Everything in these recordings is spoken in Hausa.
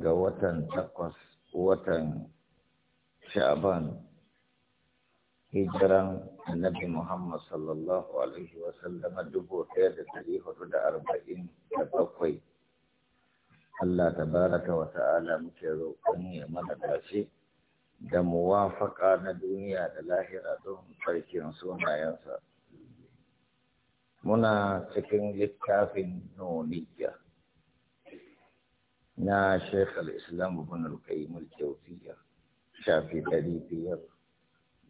ga watan takwas watan sha'ban hijiran annabi Muhammad sallallahu alaihi wasallama dubu ɗaya da ɗari hudu da arba'in da bakwai Allah ta tabaraka wa ta'ala muke roƙon ya mana dace da muwafaƙa na duniya da lahira don sarkin sunayensa muna cikin littafin noniya نا شيخ الإسلام ابن القيم الجوزية شافي بلي بير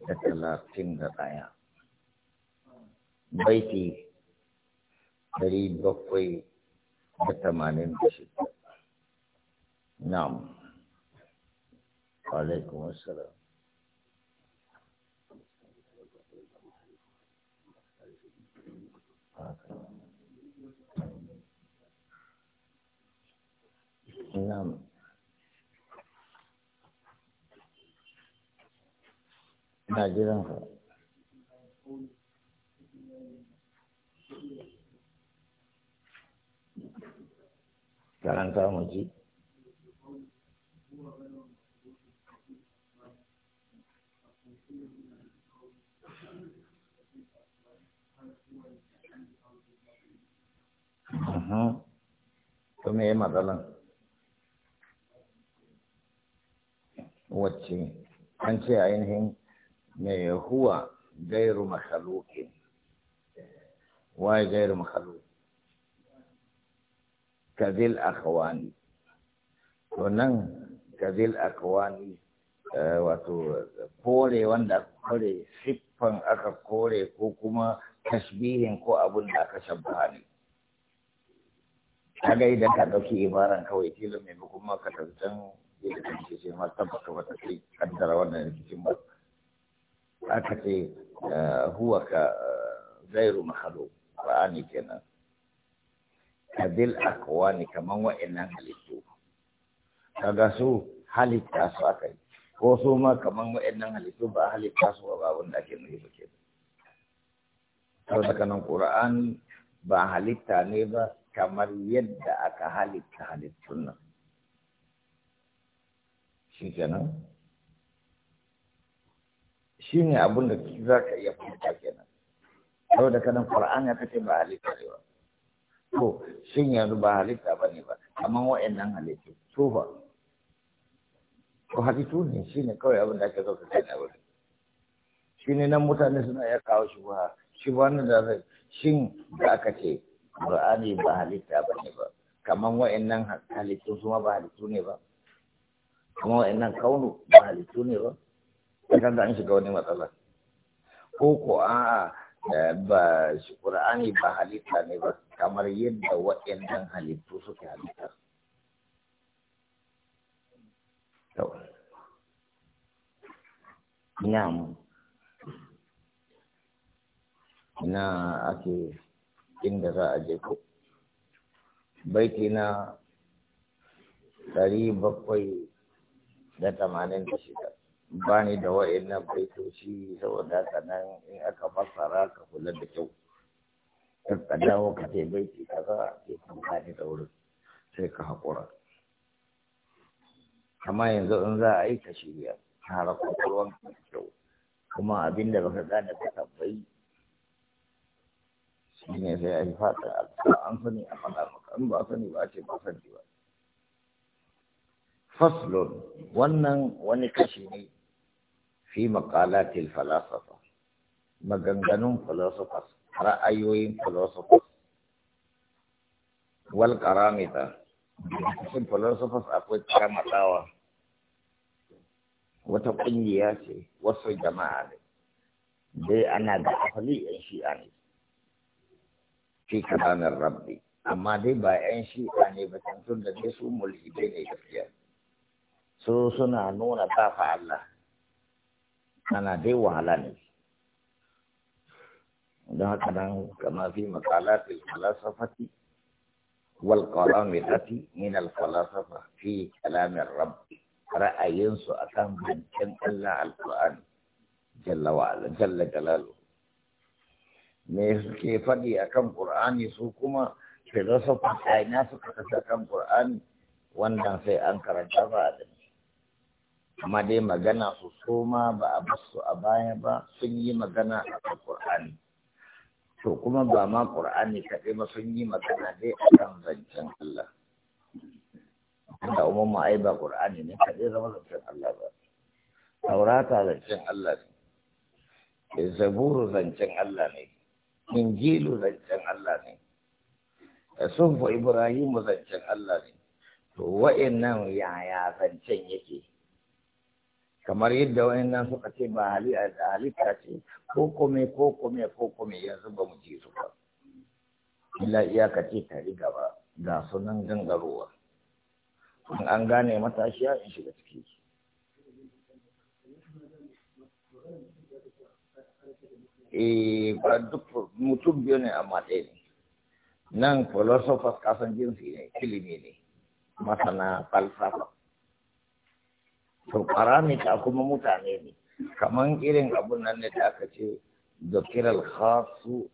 أتلا تنغ قايا بيتي بلي بقوي أتمانين بشد نعم وعليكم السلام نعم ناجرا karanta mu ji wacce an ce ainihin mai huwa gairu makhluqin waye gairu makhluq kazil akhwani to nan kazil akhwani eh, wato kore wanda kore siffan aka kore ko kuma tasbihin ko abun da aka shabba ne kaga idan ka ɗauki ibaran kawai kilo maimakon tafi tantan ke da rikici ma tabbata wata kai kaddara wannan rikicin ba aka ce huwa ka zairu mahalo ba'ani kenan kabil akwani kaman wa'annan halittu kaga su halitta su aka yi ko su ma kaman wa'annan halittu ba halitta su ba abin da ake nufi ba ke saboda nan qur'ani ba halitta ne ba kamar yadda aka halitta halittun nan shi kenan shi ne abin da za ka iya fahimta kenan yau da kanan ƙwar'an ya kace ba halitta ne ba to shin yanzu ba halitta ba ne ba amma wa'annan halittu su ba ko halittu ne shi ne kawai abin da ake zo ka kai na wuri shi ne nan mutane suna iya kawo shi ba shi ba nan da zai shin da aka ce ƙwar'ani ba halitta ba ne ba kamar wa'annan halittu su ma ba halittu ne ba kuma wa'annan kaunu ba halittu ne ba kan da an shiga wani matsala ko ko a'a eh, ba shi qur'ani ba halitta ne ba kamar yadda wa'annan halittu suke halitta Na'am. Ina ake inda za a je ko. Baiti na ɗari da tamanin da shida ba ni da wa'annan baitoci saboda sanan in aka fassara ka kula da kyau ka dawo ka ce baiti kaza ke kamfani da wurin sai ka haƙura amma yanzu in za a yi ka shirya tara kwakwalwan kyau kuma abin da baka gane ka tambayi shi ne sai a yi fata an sani a faɗa maka in ba sani ba a ce ba sani ba faslun wannan wani kashi ne fi maqalatil falasafa maganganun philosophers ra'ayoyin philosophers wal karamita cikin philosophers akwai karamatawa wata ƙungiya ce wasu jama'a ne dai ana da asali yan shi'a ne fi kalamin rabbi amma dai ba yan shi'a ne ba tantun da dai su mulhidai ne gaskiya su suna nuna tafa Allah ana dai wahala ne don haka nan kamar fi makalatil falasafati wal qalamati min al falasafa fi kalamin rabb ra'ayinsu akan bincin Allah al-Qur'an jalla wa ala jalla jalalu me suke faɗi akan Qur'ani su kuma filosofa ina suka kasa akan Qur'ani wannan sai an karanta ba da amma dai magana su soma ba a basu a baya ba sun yi magana a kan ƙur'ani to kuma ba ma ƙur'ani kaɗai ba sun yi magana dai a kan zancen Allah da umar ma ai ba ƙur'ani ne kaɗai zama zancen Allah ba taurata zancen Allah ne zaburu zancen Allah ne injilu zancen Allah ne sunfa ibrahimu zancen Allah ne to wa'annan yaya zancen yake kamar yadda wani nan suka ce ba halitta ce ko kome ko kome ko kome yanzu ba mu ji su ba illa iyaka ce ta riga ba ga sunan gangarowa in an gane matashiya in shiga ciki e ba duk mutum biyu ne amma ɗaya ne nan philosophers kasan jinsi ne ilimi ne masana falsafa to karamita kuma mutane ne kaman irin abun nan ne da aka ce zakiral khasu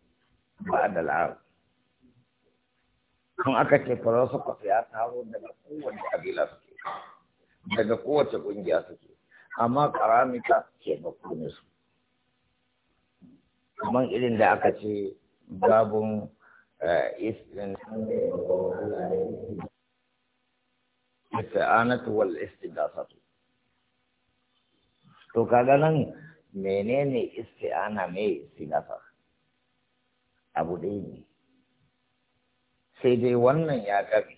ba'da al-'am kan aka ce philosopher ya taro daga kowace kabila suke daga kowace kungiya suke amma karamita ke baku ne su kaman irin da aka ce Anatu wal والاستداسة to kaga nan menene isti'ana me istigafa abu ɗaya ne sai dai wannan ya gabi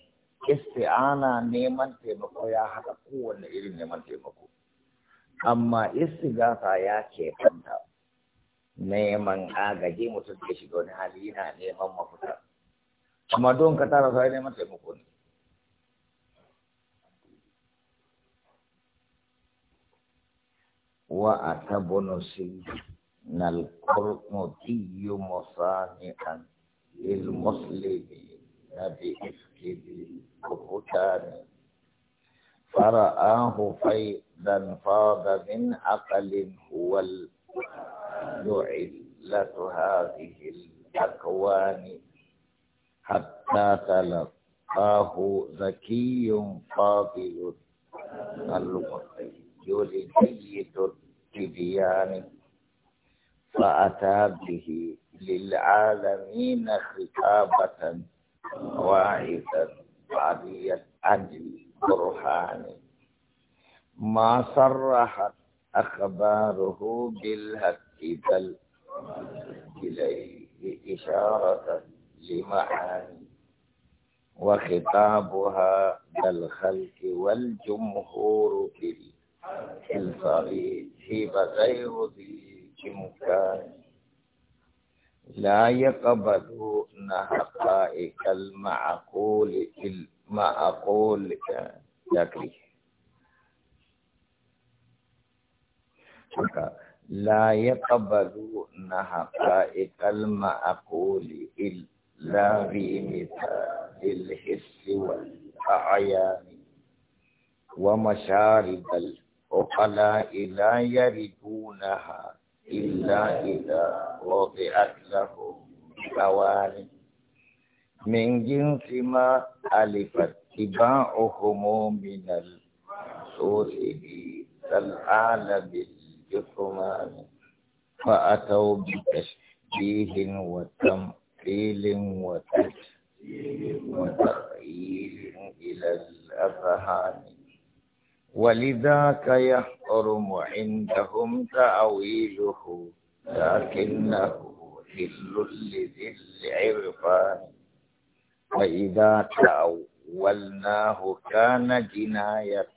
isti'ana neman taimako ya haɗa kowane irin neman taimako amma istigafa ya ke fanta neman agaji mutum da shiga wani hali yana neman mafuta amma don ka tara sai neman taimako ne وأتى بن القرمطي مصانعا للمسلمين بإفكه وفتان فرآه فيضا فاض من عقل هو علة هذه الأكوان حتى تلقاه ذكي فاضل المطي لجيد الديان فأتى به للعالمين خطابة واعظة عالية عن البرهان ما صرحت أخباره بالهك بل إليه إشارة لمعاني وخطابها للخلق والجمهور بالله الفريد هيب غير ذي إمكان لا يقبلون حقائق المعقول المعقول ذكري لا يقبلون حقائق المعقول إلا بمثال الحس والأعيان ومشارب الحس وقلا لا يردونها إلا إذا وضعت له قوارب من جنس ما ألفت اتباعهم من السوس كالعالم الجثمان فأتوا بتشبيه وتمثيل وتشبيه وتخيل إلى الأذهان ولذاك يحرم عندهم تأويله لكنه ذل لذي العرفان وإذا تأولناه كان جناية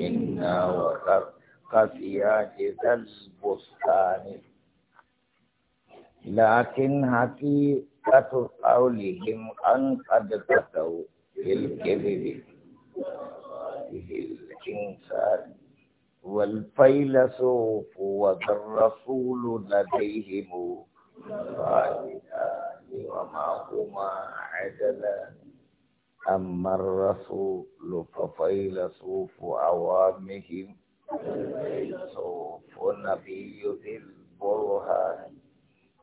منا وخرق سياج ذا البستان لكن حقيقة قولهم أن قد قتوا بالكذب الإنسان والفيلسوف والرسول لديهم قائلان وما هما عدلان أما الرسول ففيلسوف عوامهم والفيلسوف نبي ذي البرهان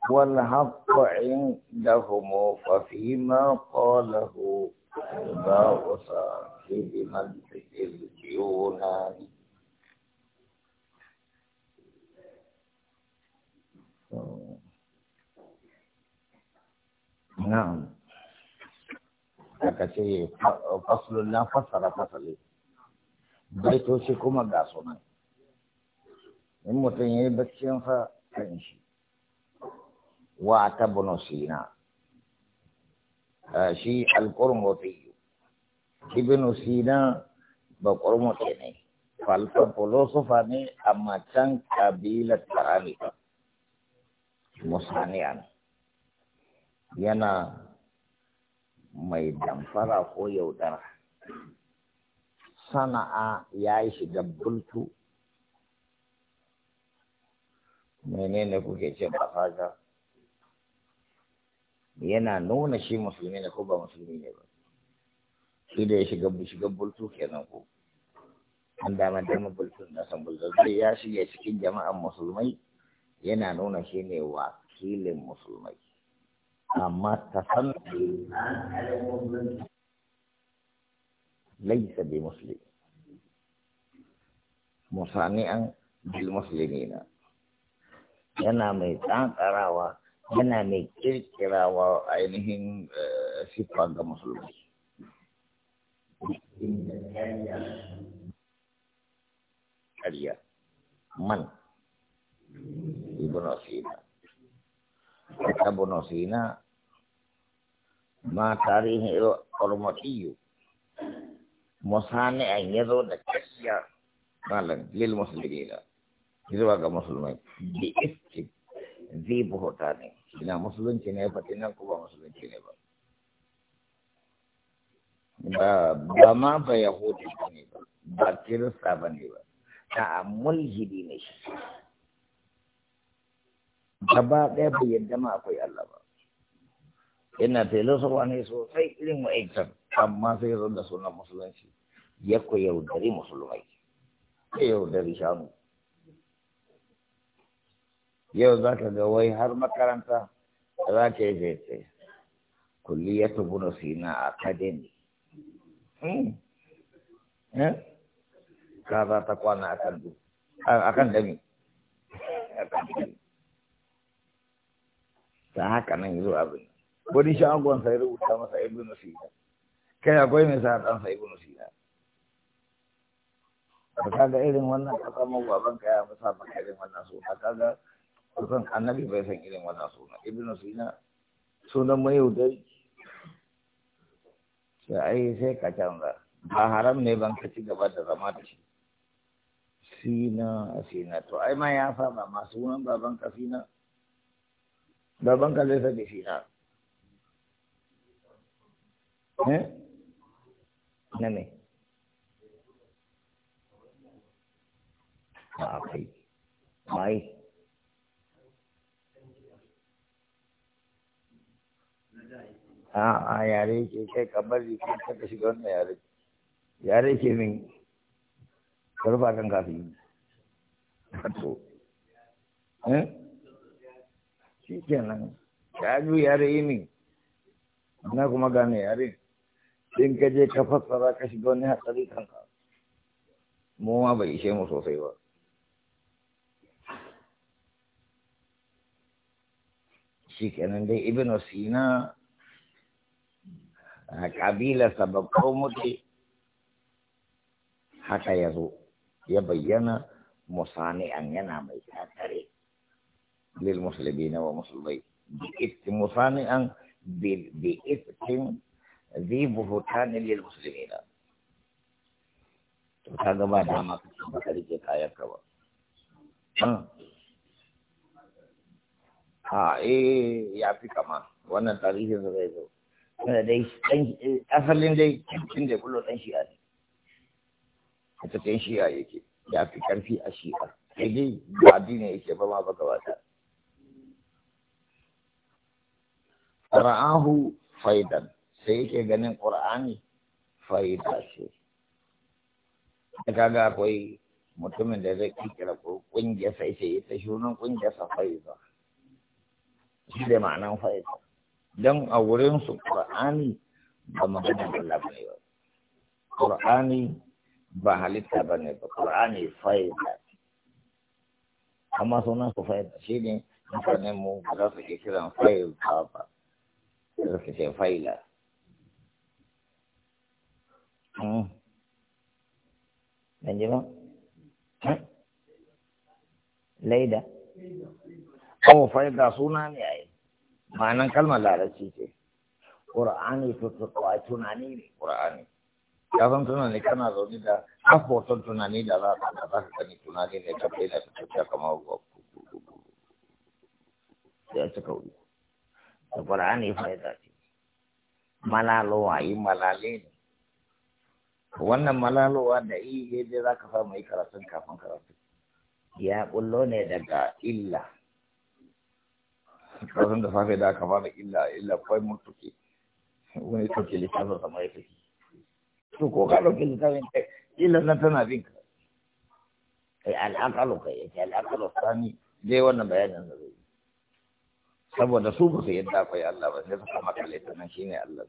والحق عندهم ففيما قاله لا أصاب بمنطق اليونان نعم aka ce fasulun na fassara to baitoci kuma ga sunan in mutum ya yi baccinsa kan shi wa ta sina shi alƙurmoti ibnu sina bakwar mutu ne falsafan filosofa ne amma can kabilar taranika yana mai damfara ko yaudara sana'a ya yi shiga bultu menene kuke ce ba yana nuna shi musulmi ne ko ba musulmi ne ba shi da ya shiga shiga bultu kenan ko an dama dama bultu na san bultu sai ya shiga cikin jama'an musulmai yana nuna shi ne wakilin musulmai amma ta san laisa bi muslim musani'an bil na yana mai tsantsarawa yana mai kirkirawa ainihin eh, siffa ga musulmai inda ƙarya ƙarya man ibnu sina kata ibnu sina ma tarihin al-urmatiyu musani an yazo da ƙarya malan lil muslimina zuwa ga musulmai bi istik zai buhota ina musulunci ne fatin nan kuma musulunci ne ba ba ba ma ba yahudi ne ba ba kirista ba ne ba a mulhidi ne shi gaba ɗaya bai yadda ma akwai Allah ba ina filosofa ne sosai irin ma'aikatar amma sai zo da sunan musulunci ya ku yaudari musulmai ya yaudari shanu yau za ka ga wai har makaranta za ka yi zai kulli ya tubuna sina academy Hmm. ka za ta kwana akan du ah, akan dami ta haka nan yi zuwa abin wani shagon sai rubuta masa ibnu sina kai akwai mai sa dan sa ibnu sina ba ka ga irin wannan ka samu baban ka ya musa ba irin wannan suna ka ga anak annabi bai san irin wannan suna ibnu sina sunan mai yau dai sai sai ka canza ba haram ne ban ka ci gaba da zama da shi sina sina to ai ma ya saba masu sunan baban ka sina baban ka zai sake sina eh na me ba kai mai a'a yare ke kai ka bari kai ka ka shiga wannan yare yare ke min ka rufa kan kafi wato eh? shi kenan ya ju yare yi min na kuma gane yare in ka je ka fassara ka shiga wani hatsari kanka mu ma bai ishe mu sosai ba shi kenan dai ibn sina قبيلة سبب قومتي حتى يزو يبين مصانع أننا ميساتري للمسلمين ومسلمين بإثم مصانع بإثم ذي بفتان للمسلمين تبتاد ما دامك بحريك آية كوا ها آه، إيه يا في كمان وانا تاريخ الزغيزو wanda dai asalin dai cikin da kullum ɗan shi'a ne a cikin shi'a yake ya fi ƙarfi a shi'a sai dai ba addini yake ba ma baka wata ra'ahu faidan sai yake ganin ƙur'ani faida ce da kaga akwai mutumin da zai kira ƙungiyarsa ita ita shunan ƙungiyarsa faida shi da ma'anan faida don a wurinsu ƙur'ani ba maganar Allah ba ne ba ƙur'ani ba halitta ba ne ba ƙur'ani fa'ida amma sunan su fa'ida shi ne mutanen mu ba za su iya kiran fa'ida ba ba su ce fa'ida. Ban hmm. ji hmm? Laida. Kawo oh, fa'ida suna ne a yi. ma'anan kalmar larabci ce ƙura'ani to tukawa tunani ne ƙura'ani ya san tunani kana zaune da kafoton tunani da za ka za ka gani tunani ne ta bai da ta tafiya kamar ya cika wuri da ƙura'ani fa'ida ce malalowa yi malale ne wannan malalowa da iya dai za ka samu yi karatun kafin karatu ya bullo ne daga illa kasan da safe da aka fara illa illa kwai murtuki wani ɗauke littafin sama ya fi to ko ka ɗauke littafin kai illa na tana bin ka kai al'akalu kai ya ce al'akalu sani dai wannan bayanin da zai saboda su ba su yadda akwai Allah ba sai su kama kalle ta nan shine Allah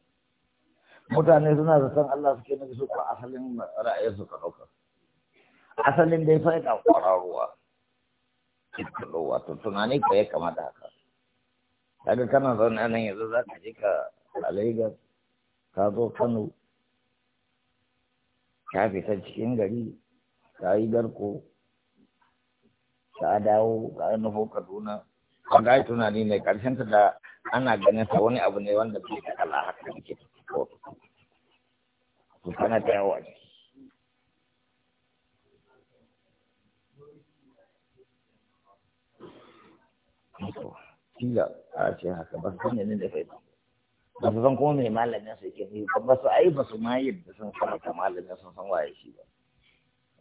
mutane suna da san Allah suke nufi su ko asalin ra'ayin su ka ɗauka asalin dai fa'ida ƙwararruwa wato tunani ko kama da haka kaga kana zaune nan yanzu za ka je ka a Lagos ka zo Kano ka fita cikin gari ka yi garko ka dawo ka yi nufo Kaduna ka ga tunani ne karshen ta da ana ganin ta wani abu ne wanda bai da kala haka yake to kana ta yawa ne Thank you. kila a ce haka ba su sanya da kai ba su san kuma mai malamin su ke nufi ba su ai ba su ma yadda sun fara malamin sun san waye shi ba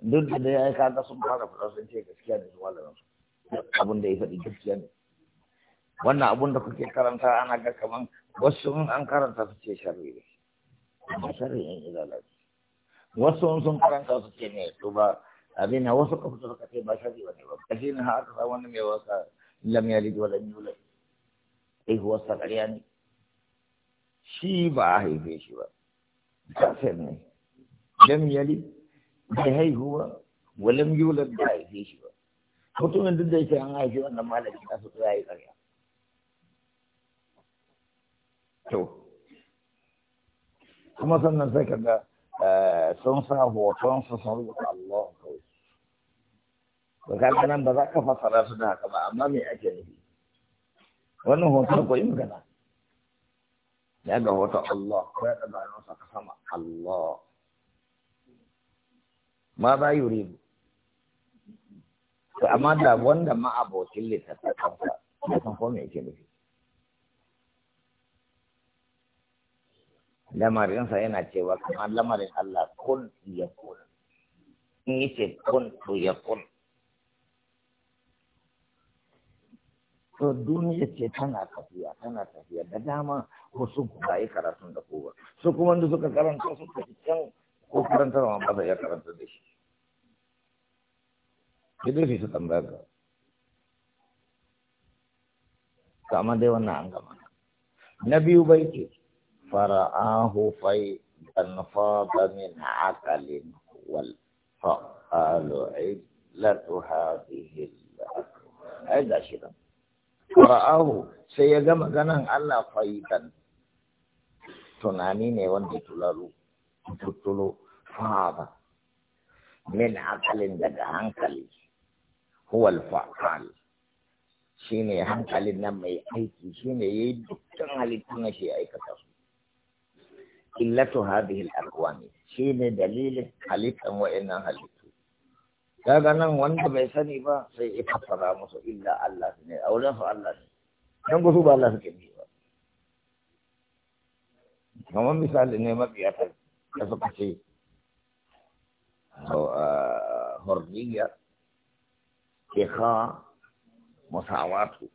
duk da dai ai kada sun fara fara sun ce gaskiya ne su malamin su abin da ya faɗi gaskiya ne wannan abun da kuke karanta ana ga kaman wasu sun an karanta su ce sharri ne amma sharri ya lalace. wasu sun sun karanta su ce ne to ba abin wasu ka suka ce ba sharri ba ne ba kaje ne har aka sa wani mai wasa lam yalid wa lam yulad haihuwarsa ƙarya ne shi ba a haife shi ba kafin ne lam yali bai haihuwa walam yulad ba haife shi ba mutumin duk da yake an haife wannan malami a su tsaya yi ƙarya to kuma sannan sai kaga eh, sun sa hoton su sun rubuta Allah kawai ba ka ba za ka fasara su da haka ba amma me ake nufi wannan hoton yin magana ya ga hoton Allah ko ya ɗaga hannunsa sa sama Allah ma za yi ribu to amma da wanda ma abokin littattafan kansa ya san ko me yake nufi lamarinsa yana cewa kamar lamarin Allah kun ya kun in yace kun to ya kun to duniya ce tana tafiya tana tafiya da dama wasu kuma yi karatun da kowa su kuma da suka karanta su ta can ko karanta ma ba ya karanta da shi da shi su tambaya ga kama dai wannan an gama na biyu bai ce fara'ahu fai dan fada min akalin wal fa'alu illatu hadhihi al ai da nan fara'ahu sai ya ga maganan Allah fa'idan tunani ne wanda tulalu tuttulo min akalin daga hankali huwa al-fa'al shine hankalin nan mai aiki shine yayi dukkan halittun shi aikata su illatu hadhihi al-aqwami shine dalilin halittan wa'annan halittu kaga nan wanda bai sani ba sai ya fassara musu illa Allah ne a wurin su Allah ne nan gusu ba Allah suke bi ba kamar misali ne mabiyata da suka ce ke ha musawatu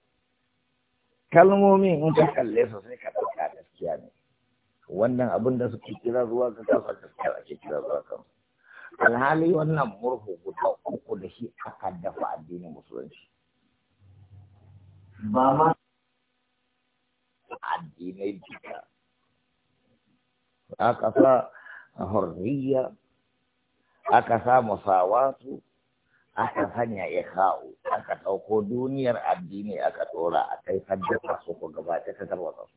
kalmomin in ka kalle su sai ka ɗauka gaskiya ne wannan abin da suke kira zuwa ga kafa gaskiya ake kira zuwa kansu alhali wannan murhu guda uku da shi aka dafa addinin musulunci ba ma addinai duka aka sa hurriya aka sa musawatu aka sanya aka ɗauko duniyar addini aka ɗora a kai haddasa su ko gaba ta ta tarwata su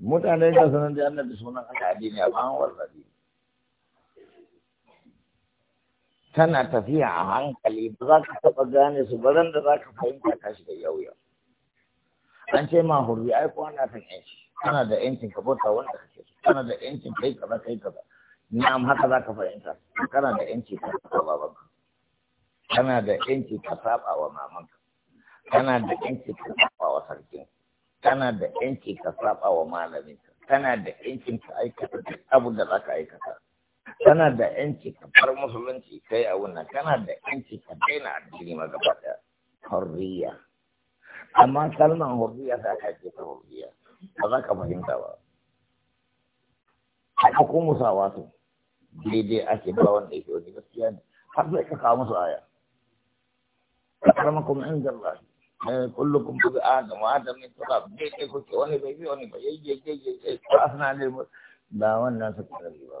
mutane da sanar da annabi sunan aka addini a bawon warzabi tana tafiya a hankali ba za ka taɓa gane su ba da za ka fahimta ka da yau yau an ce ma hurri ai ko ana kan yanci kana da yancin ka bauta wanda kake so kana da yancin kai kaza kai kaza na'am haka za ka fahimta kana da yanci ka saba ba kana da yanci ka saba wa mamanka kana da yanci ka saba wa sarkin kana da yanci ka saba wa malamin kana da yancin ka aikata duk abu da za ka aikata kana da yanci ka far musulunci kai a wannan kana da yanci ka daina addini ma gaba da amma kalmar horriya ta ka ce ta ba za ka fahimta ba a ɗauko musawa daidai ake ba wanda yake wani gaskiya ne har zai ka musu aya akramakum inda eh, Kullum kun bi da wa adam min tura daidai kuke wani bai bi wani ba yayye yai, ba ba wannan su ba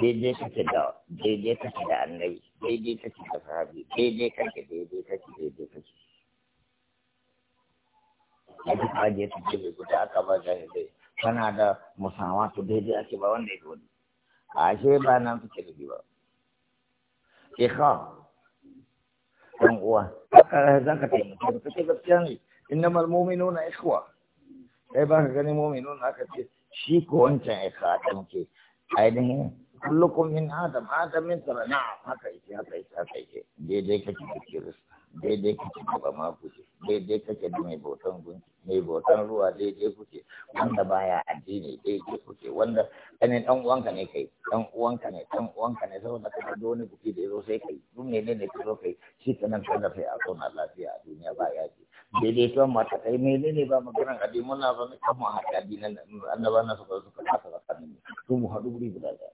daidai kake da daidai kake da annabi daidai kake da sahabi daidai kake daidai kake daidai kake yadda ka je ta ce guda aka ba da ya dai kana da musamman to daidai ake ba wanda ya wani ashe ba nan suke da ba ke ka ɗan uwa haka za ka taimake ka ce gaskiya ne innamal mu'minuna ikhwa kai ba ka gani nuna aka ce shi ko wancan ya ka taimake ainihin kullukum min adam adam min tara na haka yake haka yake haka yake daidai kake da kiris daidai kake da ba bama kuke daidai kake da mai bautan gunki mai bautan ruwa daidai kuke wanda baya addini daidai kuke wanda kanin dan uwanka ne kai dan uwanka ne dan uwanka ne saboda kana da wani buki da yazo sai kai duk ne ne ne ka zo kai shi kana san da sai a zauna lafiya a duniya ba ya ji daidai to ma ta kai mai ne ba maganar addini muna ba mu kama haɗa addinan annabawa na suka suka kasa ba kanin su mu haɗu guri guda ɗaya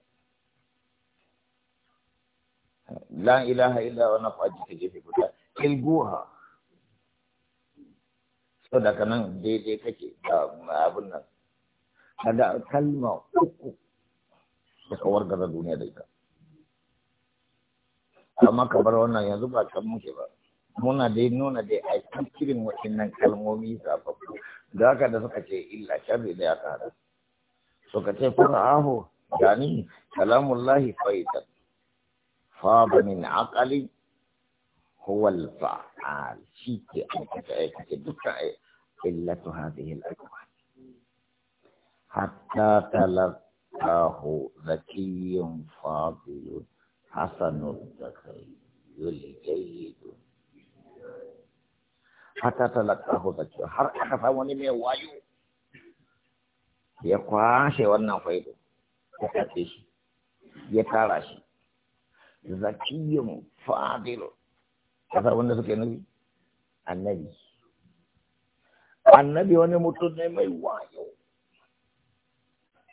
la ilaha illa wa nafa ta gefe guda ilguha so daga nan daidai kake da abin nan kada kalma uku da kawar gaza duniya da ita amma ka bar wannan yanzu ba kan muke ba muna dai nuna dai a cikin kirin waɗannan kalmomi sababbu da haka da suka ce illa sharri da ya kara suka ce fura'ahu yani kalamullahi fa'idan. فاض من عقلي هو الفعال شيك إلا هذه الأكوان حتى تلقاه ذكي فاضل حسن الذكي الجيد حتى تلقاه ذكي هر أخفى ونمي وايو يقواشي ونفيد تكتش zakiyun Fadil, kasa wanda suke nufi annabi annabi wani mutum ne mai wayo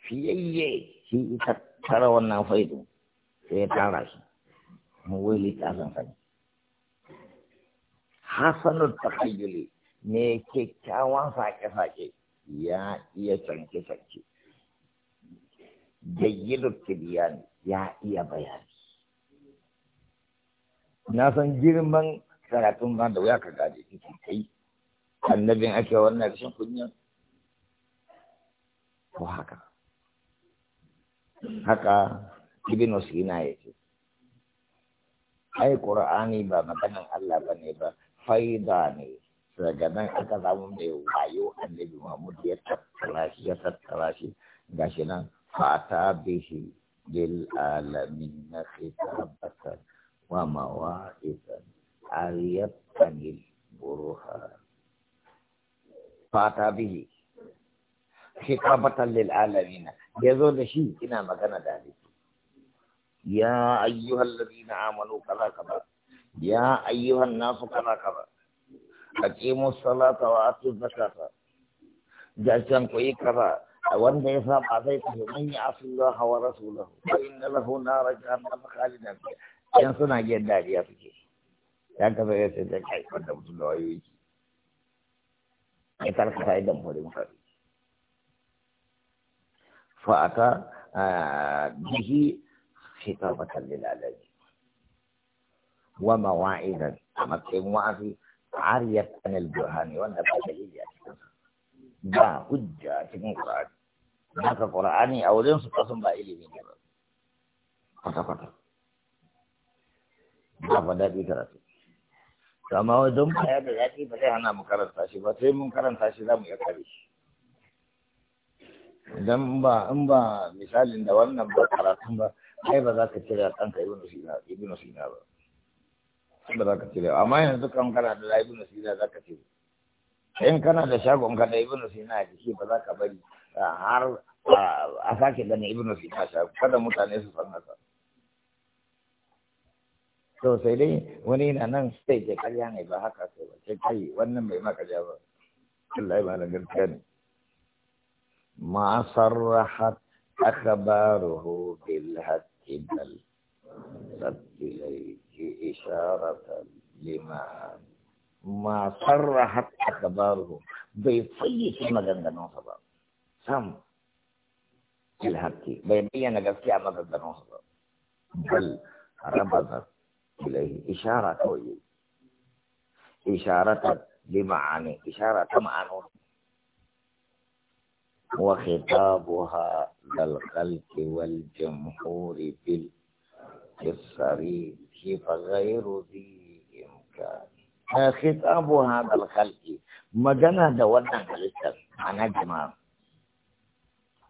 fiyayye shi ita tara wannan faidu sai ya tara shi wai littafin sani hasanul takayyuli ne kyakkyawan sake-sake ya iya canke-canke jayyidu kibiyani ya iya bayani na san girman karatun ba da wuya ka gane shi kai annabin ake wannan rashin kunya ko haka haka ibn sina ya ce ai qur'ani ba maganan Allah bane ba faida ne daga nan aka samu mai wayo annabi Muhammad ya tattara shi ya tattara shi gashi nan fata bihi lil alamin khitabatan wa mawa'idan aliyat angin buruha fata bihi khitabatan lil alamin yazo da shi ina magana da ni ya ayyuhal ladina amanu kaza kaza ya ayyuhan nasu kaza kaza aqimu salata wa atu zakata jajjan ko yi kaza wanda ya saba sai ta yi manya asullahu wa rasulahu fa inna lahu nara jahannama khalidan yan suna giyan dariya suke ya ka zai sai da kai da mutum da wayoyi ya karkata idan mu da mutane fa'ata bihi khitabatan da alamin wa mawa'izan a matsayin wa'azi ariyat anil burhani wanda ba dalili a cikin ba hujja a cikin qur'ani haka qur'ani a wajen su ba ilimi ne ba kwata kwata ba ba daɗi karatu to amma wai don baya da daɗi ba zai hana mu karanta shi ba sai mun karanta shi za mu iya kare shi idan ba in ba misalin da wannan ba karatun ba kai ba za ka cire a kanka ibnu sina ibnu sina ba ba za ka cire amma yanzu kan kana da ibnu sina za ka cire in kana da shagon ka da ibnu sina a jiki ba za ka bari har a sake ganin ibnu sina shagon kada mutane su san haka to sai dai wani na nan sai ke karya ne ba haka sai ba sai kai wannan bai maka ja ba Allah ya bani gaskiya ne ma sarrahat akhbaruhu bil haqqi bal sabbilayhi isharatan lima ma sarrahat akhbaruhu bai fayyace maganganunsa ba sam bil haqqi bai bayyana gaskiya maganganunsa ba bal rabazat إليه إشارة كوي إشارة بمعاني إشارة معنى وخطابها للخلق والجمهور بالصريح فغير ذي إمكان خطابها للخلق مجنى دوانا خلقا أنا جماعة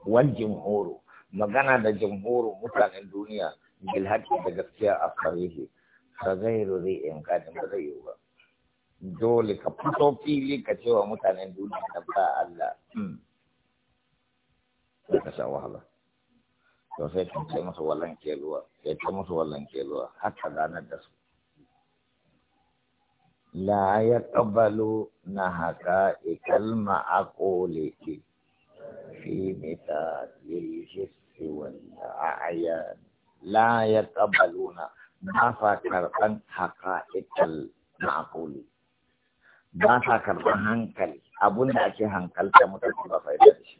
والجمهور مجنى دا جمهور متعن الدنيا بالهدف بجسيا أخريه Ka gairu zai in gadin ba zai yiwu ba dole ka fito fili ka cewa mutanen duniya da ba Allah hmm. sai ka sha wahala to sai ka ce musu wallan keluwa sai ka musu wallan keluwa har ka ganar da su la ya ƙabalu na haka ikalma a ƙole ke fi mita lil hissi wal a'yan la ya ƙabalu na نافاكرن حقائق المعقول نافاكر هنكل أبونا أكي هنكل تمتلك بفايدتش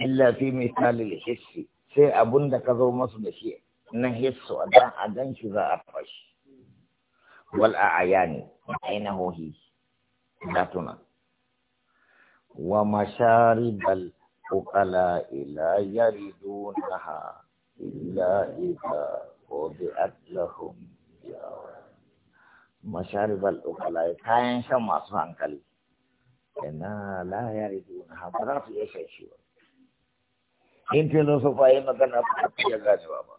إلا في مثال الحس سي أبونا كذو مصد شيء نهس ودا أدن شذا أطرش والأعيان أينه هي ذاتنا ومشارب الأقلاء لا يردونها إلا إذا wabi'at lahum masharibal ukhla kayan shan masu hankali inna la yaridu ha fara fi yashashi wa in fi lo fayi magana ba fi ya gaji wa ba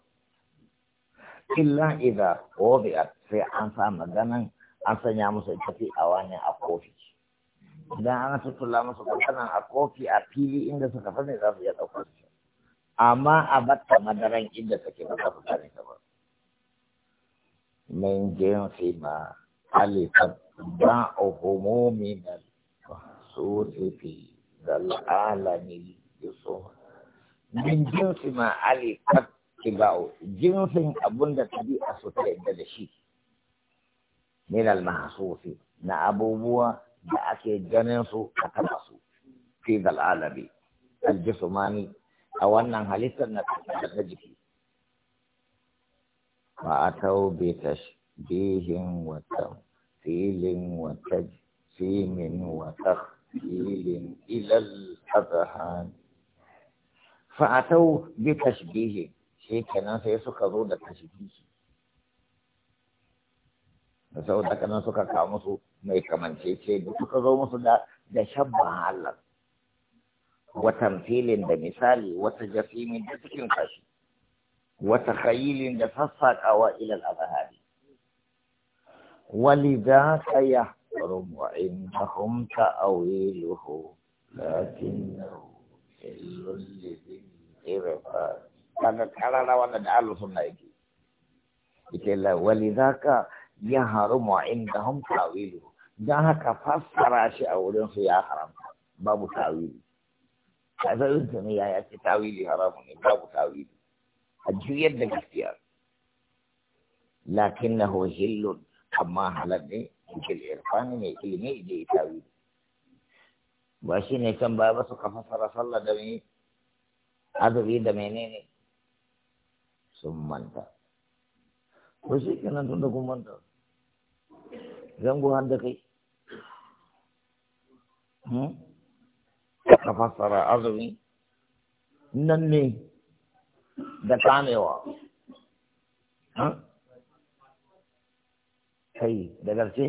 illa idha wabi'at sai an sa magana an sanya musu tafi a wani a kofi idan an tutula musu magana a kofi a fili inda suka sani za su iya ɗaukar amma a batta madaran inda take ba ta fita ne ba min jinsi ma ali o homo min al-sufi fi zal'alami yusuf min jinsi ma ali alifat tibau jinsin abunda tabi a su ta yadda da shi min al-mahsusi na abubuwa da ake ganin su a taba su fi zal'alami al-jismani a wannan halittar na ta jiki ba a tau bi bihin wata filin wata tajsimin wata filin ilal azhan fa a tau bi tashbihin shi kenan sai suka zo da tashbihi da da kanan suka kawo musu mai ce da suka zo musu da da shabba Allah وتمثيل بمثال وتجسيم ده قاسي وتخيل ده فصل إلى الأذهان ولذاك يحرم عندهم تأويله لكنه حل لذي الإرفاق هذا تعالى وأنا دعال سنة ولذاك يحرم عندهم تأويله ذاك كفسر شيء أولين في آخر باب تأويله هذا يلزم يا يا تاويلي هرمني برافو تاويلي اجي يدك اختيار لكنه جل كما هلني جل عرفان يقلني يجي تاويلي واشي نيكم بابا سقف فرس الله دمي هذا في دمينيني ثم انت وشي كنا تندكم انت زنقو هندكي إيه؟ 嗯。Hmm? ka fassara azumi nan ne da kamewa kai da garce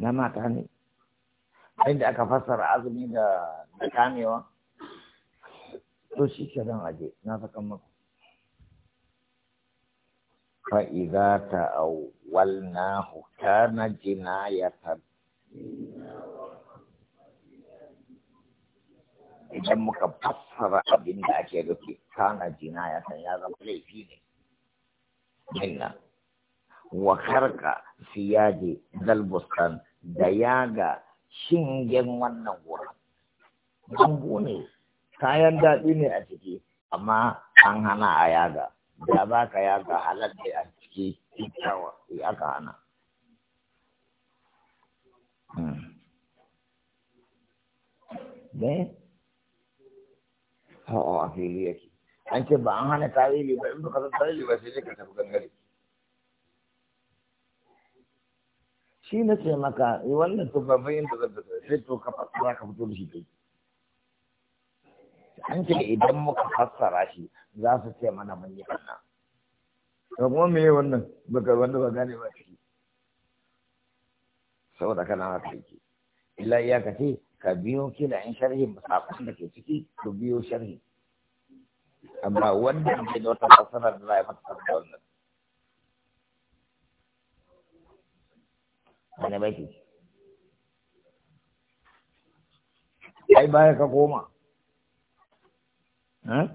na mata ne inda aka fassara azumi da da kamewa to shi ke don aje na saka maka fa'iza ta na kana jinayatan idan muka fassara abin da ake rufe kana jina ya san ya zama laifi ne minna wa karka siyaje dalbustan da ya ga shingen wannan wurin bambu ne kayan daɗi ne a ciki amma an hana a yaga da ba ka yaga halar da a ciki kyakkyawa aka hana hmm. A'a a fili yake. An ce ba an hana tarihi ba in baka san tarihi ba sai ka tafi gangare. Shi na ce maka eh, wannan to ban san da zan tafi sai to ka fassara ka fito da shi kai. An ce idan muka fassara shi za su ce mana mun yi wannan. To kuma me wannan baka wanda ba gane ba shi. Saboda kana haka yake. Illa iyaka ce ka biyo kila in sharhin sakon da ke ciki ku biyo sharhi amma wannan ke da wata fasarar da za a mata da wannan wani baiti ai baya ka koma eh?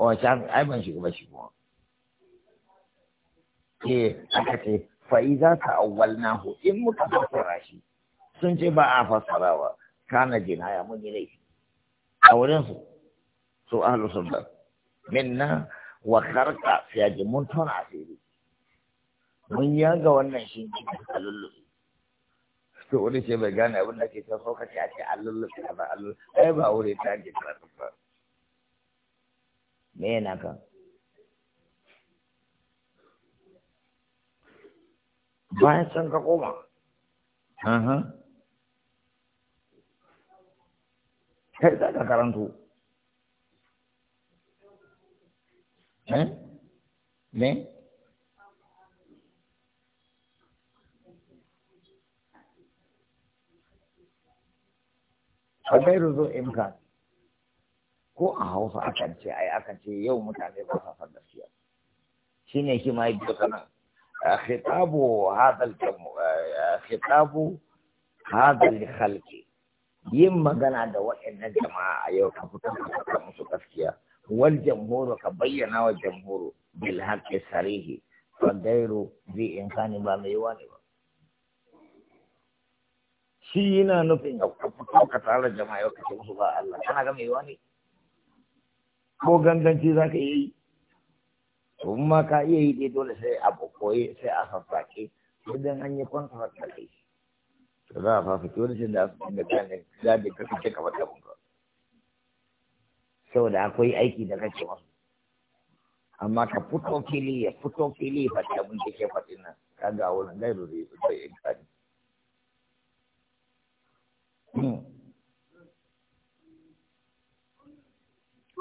wa can ai ban shiga ba shi kuma ke eh, aka ce fa'iza ta awwalnahu in muka fassara shi sun ce ba a ba kana ya mun yi laifi a wurin su ahlu sunna minna wa kharqa fi ajmun tona asiri mun ga wannan shi ne alullubi to wani ce bai gane abin da ke ta so kace a ce ka ba alullubi ai ba wuri ta ji ba me yana kan bayan san ka koma kai za ka karanto ne Fagairu zo imkan ko a hausa akan ce ai akan ce yau mutane ba sa san gaskiya shine shi ma yadda kana khitabu hadal kam khitabu hadal khalqi yin magana da waɗannan jama'a a yau ka fito ka musu gaskiya wal jamhuru ka bayyana wa jamhuru bil haqqi sarihi fa gairu bi imkani ba mai wani ne ba shi yana nufin ka fito ka tare jama'a yau ka ce musu ba Allah kana ga mai yiwa ne ko ganganci za ka yi kuma ma ka iya yi dai dole sai a koyi sai a sassake idan an yi kwanta da kai za a fa security da su dinga gane gadi ka ce kamar da mun ka saboda akwai aiki da kake masu amma ka fito fili ya fito fili faɗa mun da ke faɗi nan ga wurin gairu zai zai yi gani hmm.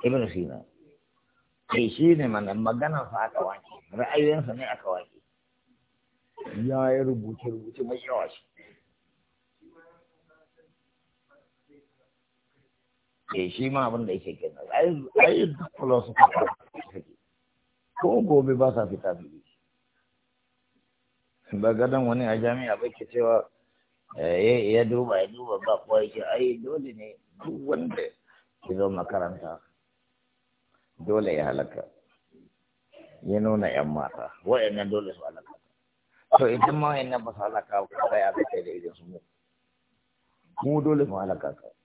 ibn sina kai shi ne mana maganar sa aka wanke ra'ayoyinsa ne aka wanke ya yi rubuce rubuce mai yawa shi ke eh, shi ma abin da yake kenan ai ai duk philosopher ko gobe ba sa fita su ba gadon wani a jami'a ba ke cewa eh, ya duba ya duba ba kuwa yake ai dole ne duk wanda ke zo makaranta dole ya halaka ya nuna yan mata wa'annan dole su halaka to idan ma wa'annan ba su halaka ba sai a da irin su mu mu dole mu halaka kai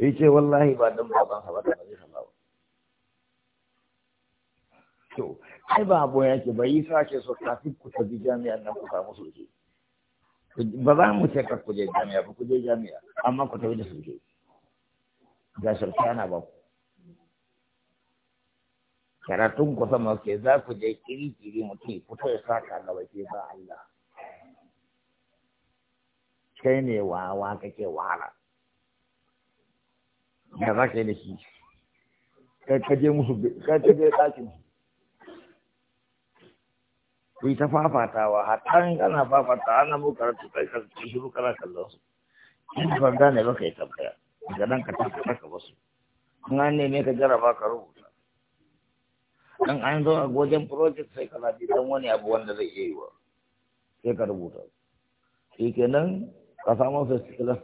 ya ce wallahi ba don babansa ba da ba zai ba to ai ba abu ya ce bai yi sace so kafin ku tafi jami'a nan ku samu sulke ba za mu ce ku je jami'a ba ku je jami'a amma ku tafi da sulke ga sulke ana ba ku karatun ku sama ke za ku je kiri-kiri mutum fito ya k'a gaba ke ba Allah kai ne wawa kake wahala da za ka yi da shi kaje musu ɗakin ku yi ta fafatawa hatta kana fafata ana mu karatu kai ka ci shiru kana kallon su in ban ne ba ka yi tambaya daga nan ka tafi ka wasu in an neme ka jaraba ka rubuta an an zo a gojen project sai ka zaɓi dan wani abu wanda zai iya yi wa sai ka rubuta shi kenan ka samu first class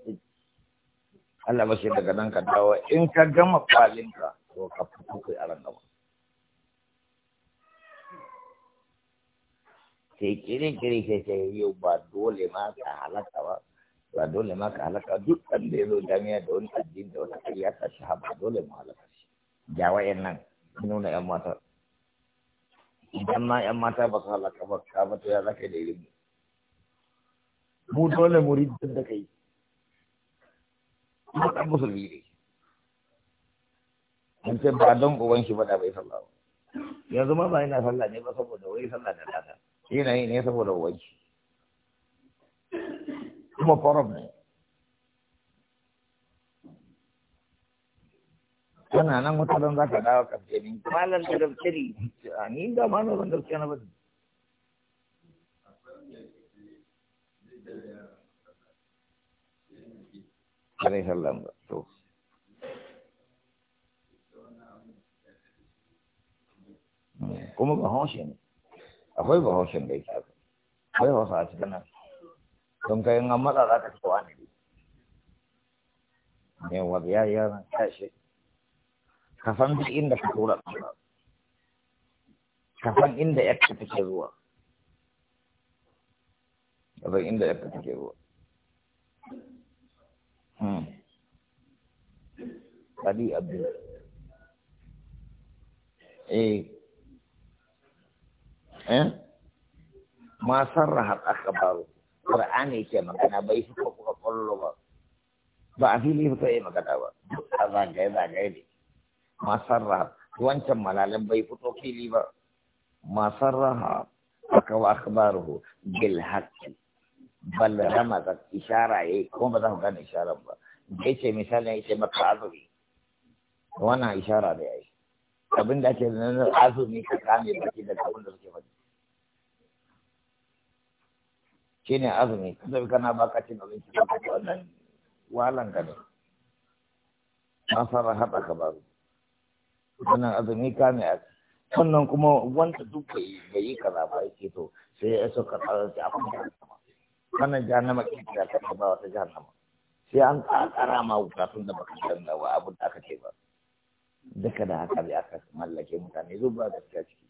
Allah bashi daga nan ka dawo in ka gama kwalinka to ka fito kai aran gaba Ke kiri kiri kai sai yau ba dole ma ka halaka ba ba dole ma ka halaka duk ɗan da ya zo jami'a da wani addini da wani kai ya tashi ba dole ma halaka shi Ga wa'yan nan nuna yan mata idan ma yan mata ba ka halaka ba ka ba ya zaka da ilimi mu dole mu ridda da kai matsan musulmi ne an ce ba don uban shi bada bai sallah ba yanzu ma ba yana sallah ne ba saboda wai sallah da lada yana yi ne saboda uban shi kuma farof ne kana nan wata don za ka dawo kafce ne malam da daftari a ni da ma na ban daftari na ba Ini sallam tuh. kuma bahaushe ne akwai bahaushen da yake haka akwai hausa a cikin nan don kayan an matsa ka ya kasih. Kapan ka indah duk inda ka tura tsara Kapan indah inda yakka Kadi hmm. Abdul. Eh. Eh? ke ba. Ba a fili fito yi magana ba. A ba. bal ramazat ishara yayi ko ba za ku gane isharar ba da yace misalin yace maka azumi wannan ishara da yayi abin da ake nan azumi ka kame baki da abin da suke faɗi shine azumi kada kana baka cin abinci ka wannan walan ka ne nasara haɗa ka ba wannan azumi kame a sannan kuma wanda duk bai yi kaza ba yake to sai ya so ka tsara shi a kuma wannan jahannama ke da ta ba wata jahannama sai an tsara ma wuta tun da baka san wa abu da aka ce ba duka da haka bai aka mallake mutane zo ba gaskiya ciki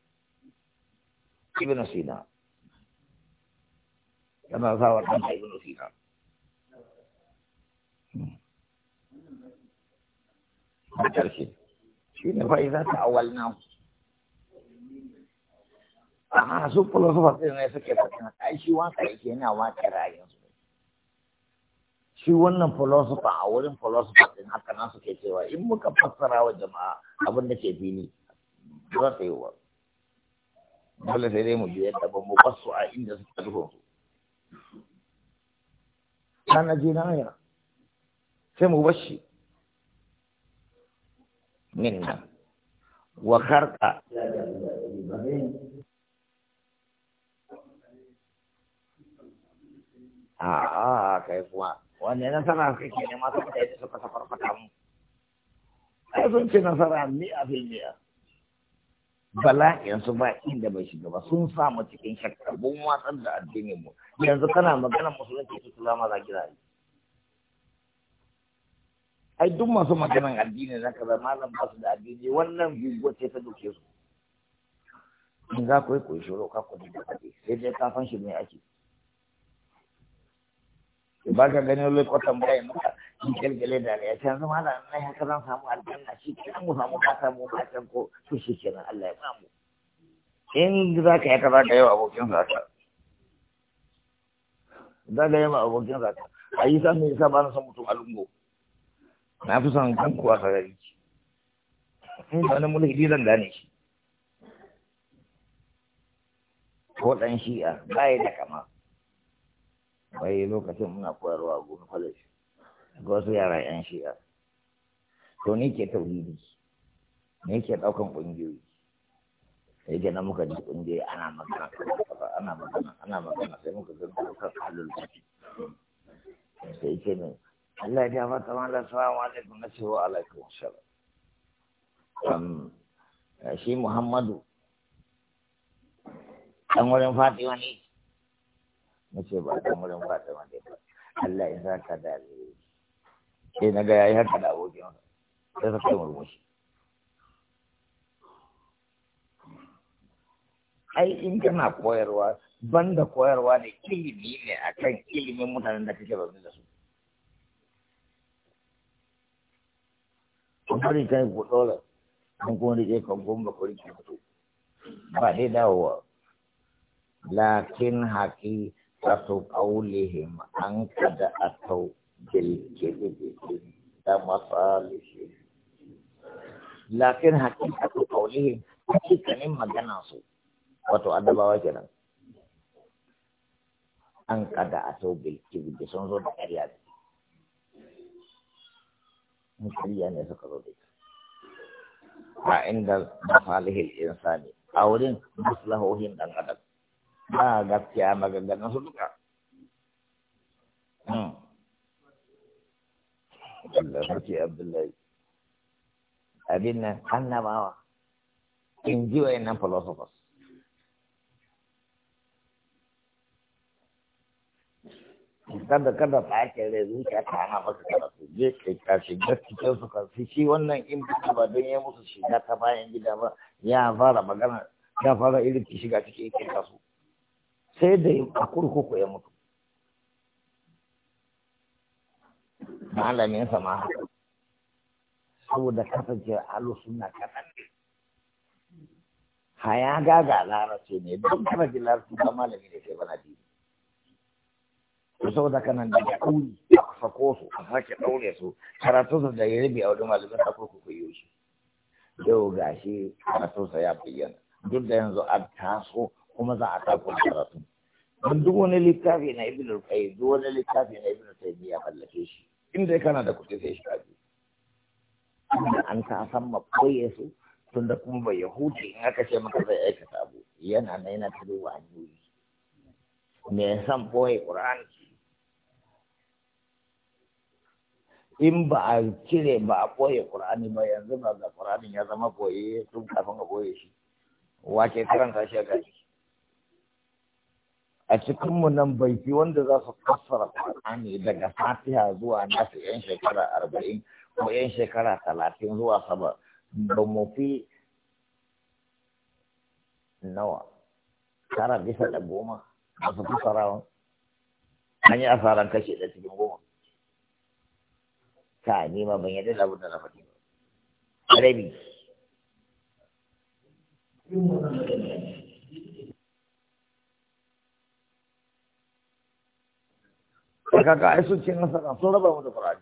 ibn sina yana sa wa ɗan ibn sina a ƙarshe shi ne fa'iza ta awal namu A'a su filosofa sai ne suke faɗin ai shi wanka yake yana wace ra'ayinsu shi wannan filosofa a wurin filosofa din haka nan suke cewa in muka fassara wa jama'a abin da ke fili za ta yi wa dole sai dai mu biyar da ba mu basu a inda suka duhu kana jinaya sai mu bashi minna wa karka a'a kai kuma wanne nasara kake nema sun da sa suka safarfata mu ai sun ce nasara ni a fi miya bala'in ba inda bai shiga ba sun sa mu cikin shakka mun watsar da addinin mu yanzu kana magana musulunci su tulama za ki rayu ai duk masu maganan addini zaka ba malam ba su da addini wannan gugu ce ta doke su in za ku yi ku shiro ka ku da sai dai ka san shi me ake ba ka gani wani kwatan bayan maka shi kyalkyale da ya can zama da nan haka zan samu aljanna shi kenan mu samu ka samu ka can ko to shi nan Allah ya ba mu in za ka yi kaza ka yi wa abokin zaka za ka yi wa abokin zaka a yi sa mai sa ba na son mutum alungo na fi son kan kuwa ka gari in da wani mulki zan gane shi ko dan shi'a ba yi da kama bai lokacin muna koyarwa a gona college ga wasu yara yan shiga to ni ke tauhidi ne ke daukan kungiyoyi sai ke na muka ji kungiyoyi ana magana ana magana ana magana sai muka ga kan halul sai ke ne Allah ya fata mallan salamu alaikum na cewa alaikum salam shi Muhammadu dan wurin fatiwa ne nace ba ta murin ba ta wanda ba Allah ya saka da alheri sai na ga yayi haka da abokin sai ta kai murmushi ai in kana koyarwa banda koyarwa da ilimi ne akan ilimin mutanen da kake zaune da su kamfani kai yi dole an kuma rike kamfan ba kuri ke fito ba dai dawo lakin haƙi kasu kaulihim an kada atau bilkidibihim da masalihim lakin hakikatu kaulihim hakikanin magana su wato adabawa kenan an kada atau bilkidibihim sun zo da ƙarya ne ƙarya ne suka zo da ita a inda masalihil insani a wurin maslahohin ɗan adam ba gaskiya maganganun su duka hmm. Allah sarki Abdullahi abin nan annabawa in ji wa nan philosophers kada kada ɓacin rai zuciya ta hana masa karatu je kai ka shiga su kan su shi wannan in ba ba don ya musu shiga ta bayan gida ba ya fara magana ya fara irin ki shiga cikin ikin kasu sai da a kurkuku ya mutu malamin sama haka saboda kasance alu suna kaɗan ne haya gaga larabci ne don kana ji larabci ba malami ne sai bana ji saboda kana da ɗauri a sako su a sake ɗaure su karatunsa da ya rabi a wani malamin a kurkuku yi shi yau gashi sa ya bayyana duk da yanzu an taso kuma za a kafin karatu don duk wani littafi na ibn rukai duk wani littafi na ibn rukai ya fallake shi inda kana da kuɗi sai shi kaji an ta san ma koye su tunda kuma bai yahuci in aka ce maka zai aikata abu yana na yana ta duba hanyoyi me ya san boye qur'ani in ba a cire ba a boye qur'ani ba yanzu ba ga qur'anin ya zama koye tun kafin a boye shi wace karanta shi a gaji a cikin nan bai wanda za su fassara Qur'ani daga Fatiha zuwa nasu yan shekara arba'in ko yan shekara talatin zuwa saba ba mu fi nawa tara bisa da goma masu wa an yi asaran kashe da cikin goma ta nima ban yadda abin da na faɗi ba rabi kaga ai sun ce nasara sun raba mu da Qur'ani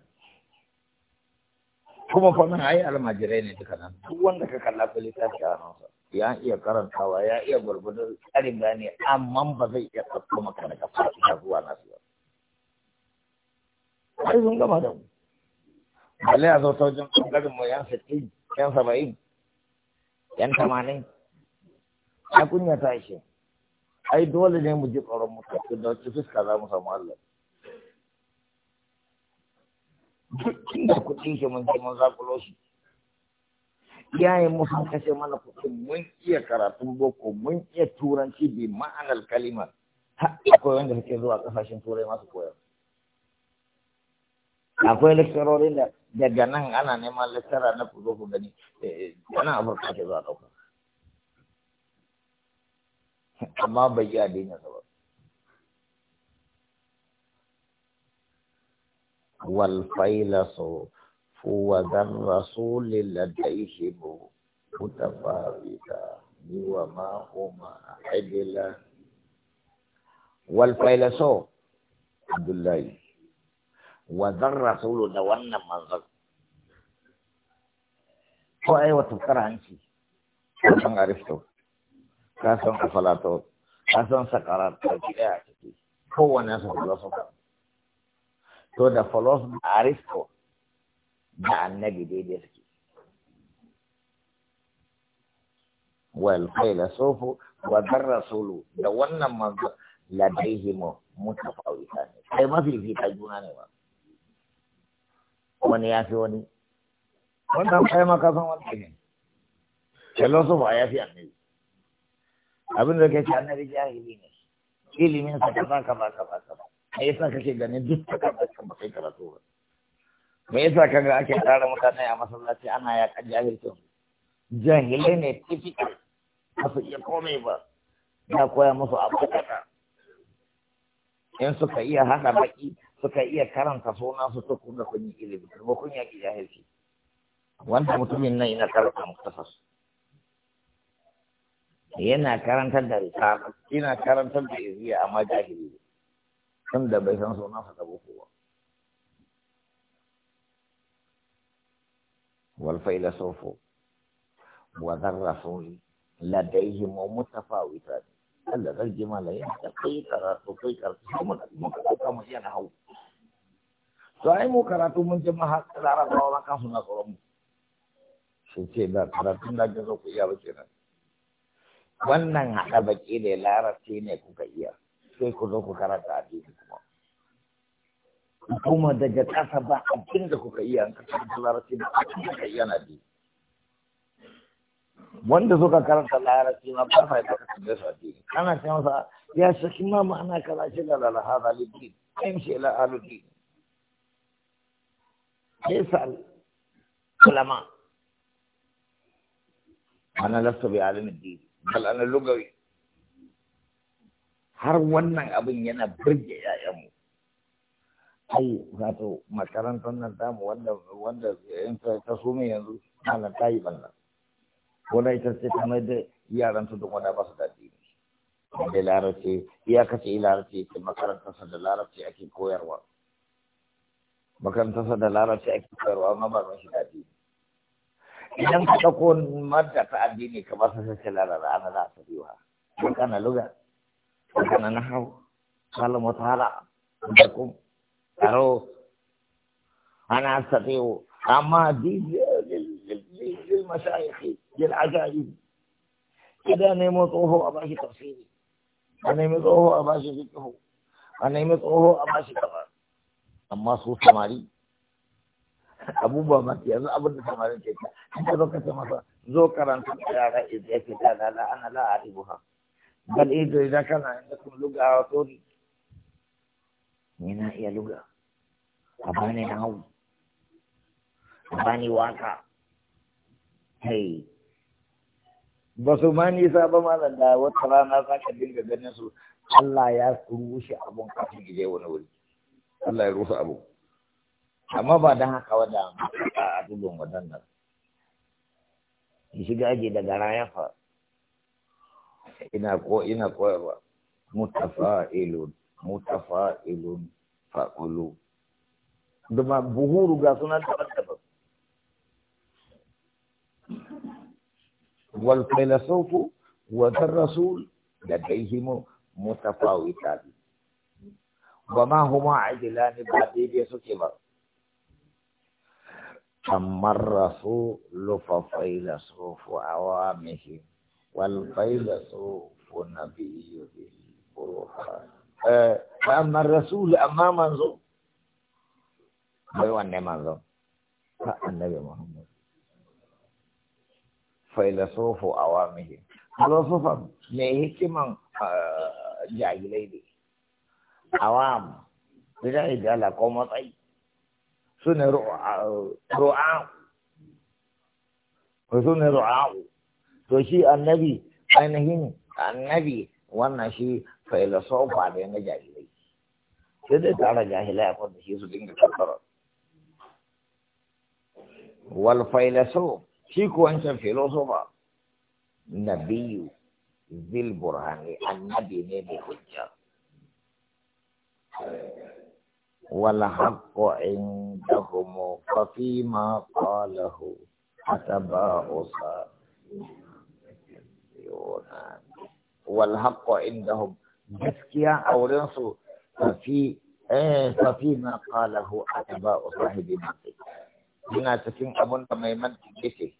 kuma fa nan ai almajirai ne duka nan duk wanda ka kalla ko littafi a hannunsa ya iya karantawa ya iya gurgurdar tsarin gane amma ba zai iya tsakko maka daga ta zuwa nasu ba ai sun gama da mu balle a zo ta wajen ɓangaren mu yan sittin yan saba'in yan tamanin ya kunya ta shi ai dole ne mu ji tsoron mutu da wacce fuska za mu samu Allah inda kuɗin shi mun je mun zakulo shi iyayen mu sun kashe mana kuɗi mun iya karatun boko mun iya turanci bi ma'anar kalimar har akwai wanda suke zuwa kasashen turai masu koyar akwai lecturerin da daga nan ana neman lecturer na ku zo ku gani ana eh, afirka ke zuwa ɗauka amma bai yi adinin sa ba والفيلسوف وذا الرسول لديهم متفاوتا وما هما عدلا والفيلسوف عبد الله وذا الرسول دوانا منظر ko ai wata karanci kasan aristo kasan afalato kasan sakarar ta gida a ciki kowane to da falos da aristo da annabi daidai suke wal sofu wa dar rasulu da wannan manzo ladaihim mutafawita ne kai mafi fita juna ne ba wani ya fi wani wannan kai maka san wani ne ba ya fi annabi abin da kake annabi jahili ne ilimin sa ka ba ka ba me yasa kake ganin duk takardar kan ba kai karatu ba me yasa kaga ake tsara mutane a masallaci ana ya kan jahilci jahilai ne tifika ba su iya komai ba ya koya musu abu kaɗa in suka iya haɗa baki suka iya karanta suna su to kun ga kun yi ilimi kuma kun ya jahilci wanda mutumin nan yana karanta muktasar yana karantar da risala yana karantar da iziya amma jahili ne tunda bai san sunan sa da boko ba wal failasufu wa dharrafu ladaihim mutafawitan Allah zargi malai da kai karatu kai karatu kuma yana hau to ai mu karatu mun tsara kan suna tsoron mu ce da karatun da ga ku iya ba wannan haɗa baki ne larabci ne kuka iya sai ku zo ku karanta addini kuma kuma daga ƙasa ba abin da kuka iya an karanta larabci ba abin da kuka iya na addini wanda suka karanta larabci ma ba sa yadda ka su addini ana ce masa ya saki ma ma'ana kaza shi da lalaha zalibi kayan shi ila alubi sai sa kalama. ana lasta bi alimin di. bal lugawi har wannan abin yana burge ‘ya'yanmu. Ai, zato makarantar nan damu wanda wanda ta so mai yanzu ana ta yi nan. Wanda ita ce ta mai da yaran tudun wanda ba su daɗi ne. Da larabci, ya kace larabci ce makarantarsa da larabci ake koyarwa. Makarantarsa da larabci ake koyarwa amma ba mai shi daɗi ne. Idan ka ɗauko madda ta addini kamar sa sai lalata ana za ta biyu ha. Kana lugar. karena nahu kalau mau tara hukum taro anak setiu ama di jil jil jil jil kita ni mau tuh apa sih tafsir ani mau tuh apa sih fikih ani mau tuh apa sih tara amma samari Abu Bakar dia Abu Bakar dia kita kita kata masa da la ana bal ido idan kana indakum luga wa turi ni na iya luga a bani hau a bani waka hey ba su ma nisa ba malam da wata rana za ka dinga ganin su Allah ya rushe abun kafin ije wani wuri Allah ya rusa abu amma ba don haka wadda a tudun wadannan shiga aji daga rayafa ina ko ina koyarwa mutafa'ilun mutafa'ilun faqulu dama buhuru ga sunan daban-daban wal filosofu wa rasul da daihimu mutafawita wa ma huma ajlan ba dai suke ba amma rasul lufa filosofu awamihim والقيل سوف النبي به روحا فأما الرسول أما منظور bai wanne manzon ta annabi Muhammad filosofu awamihi filosofa me hikiman jahilai ne awam bida idala ko matsayi su ne ru'a'u su ne to shi annabi ainihin annabi wannan shi filosofa ne na jahilai sai dai tare jahilai a da shi su dinga kakarar wal failosof shi ko wancan filosofa nabiyu zil burhani annabi ne mai hujja wal haqqu indahum fa fima qalahu ataba yuqsirun wal haqqo gaskiya aurensu su na eh fafi ma qalahu ataba sahibi maki ina cikin abun mai manti yake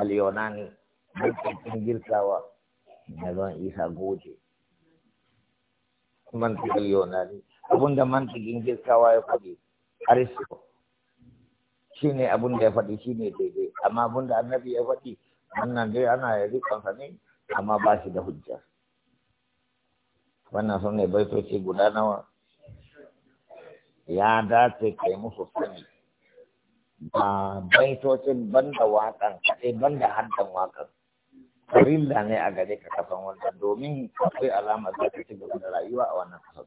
al yunani duk din girtawa ne ran isa goje manti al yunani abun da manti din ya faɗi aristo shine abun ya fadi shine daidai amma abun da annabi ya fadi wannan dai ana yi kansa amma ba shi da hujja wannan sun ne baitoci guda nawa ya dace kai musu sani ba baitocin banda waƙan kaɗai banda haddan waƙan rinda ne a gare ka kafan wannan domin akwai alama za ka ci gaba da rayuwa a wannan kasar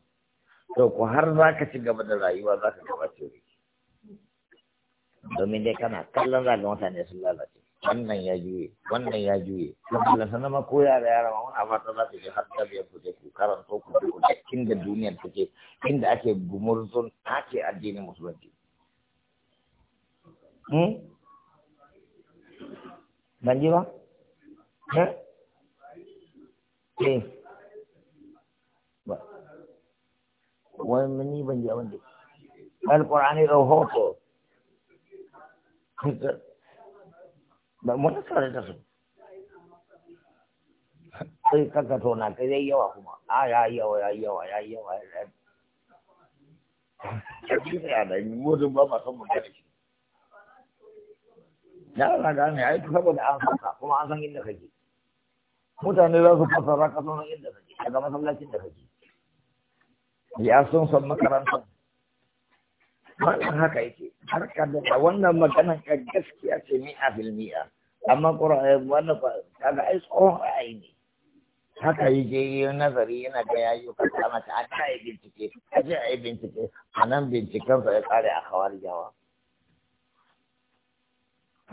to ku har za ka ci gaba da rayuwa za ka gaba ce domin dai kana kallon zaga mutane sun lalace wannan ya juye wannan ya juye Allah sana ma koya da yara wani muna ta za su je har da biyar ku je ku karanto ku je ku inda duniyar take inda ake gumurzun take addinin musulunci hmm? ban ji ba eh, eh. ba wani mini ban ji abin da alqur'ani rahoto ba mu tare da su sai kanka tona kai yayi yawa kuma a ya yawa ya yawa ya yawa ya yawa ya da ni mu ba ma san mu da shi ya ra ga ne ai saboda an saka kuma an san inda kake mutane za su fasara ka san inda kake daga masallacin da kake ya sun san makarantar wannan haka yake har ka daga wannan maganan ka gaskiya ce mi a amma ƙura'ayi wannan kaga ai tsohon ra'ayi ne haka yi je yi nazari yana ga yayi ka ta mata a ta yi bincike a je a yi bincike a nan binciken sa ya kare a kawar jawa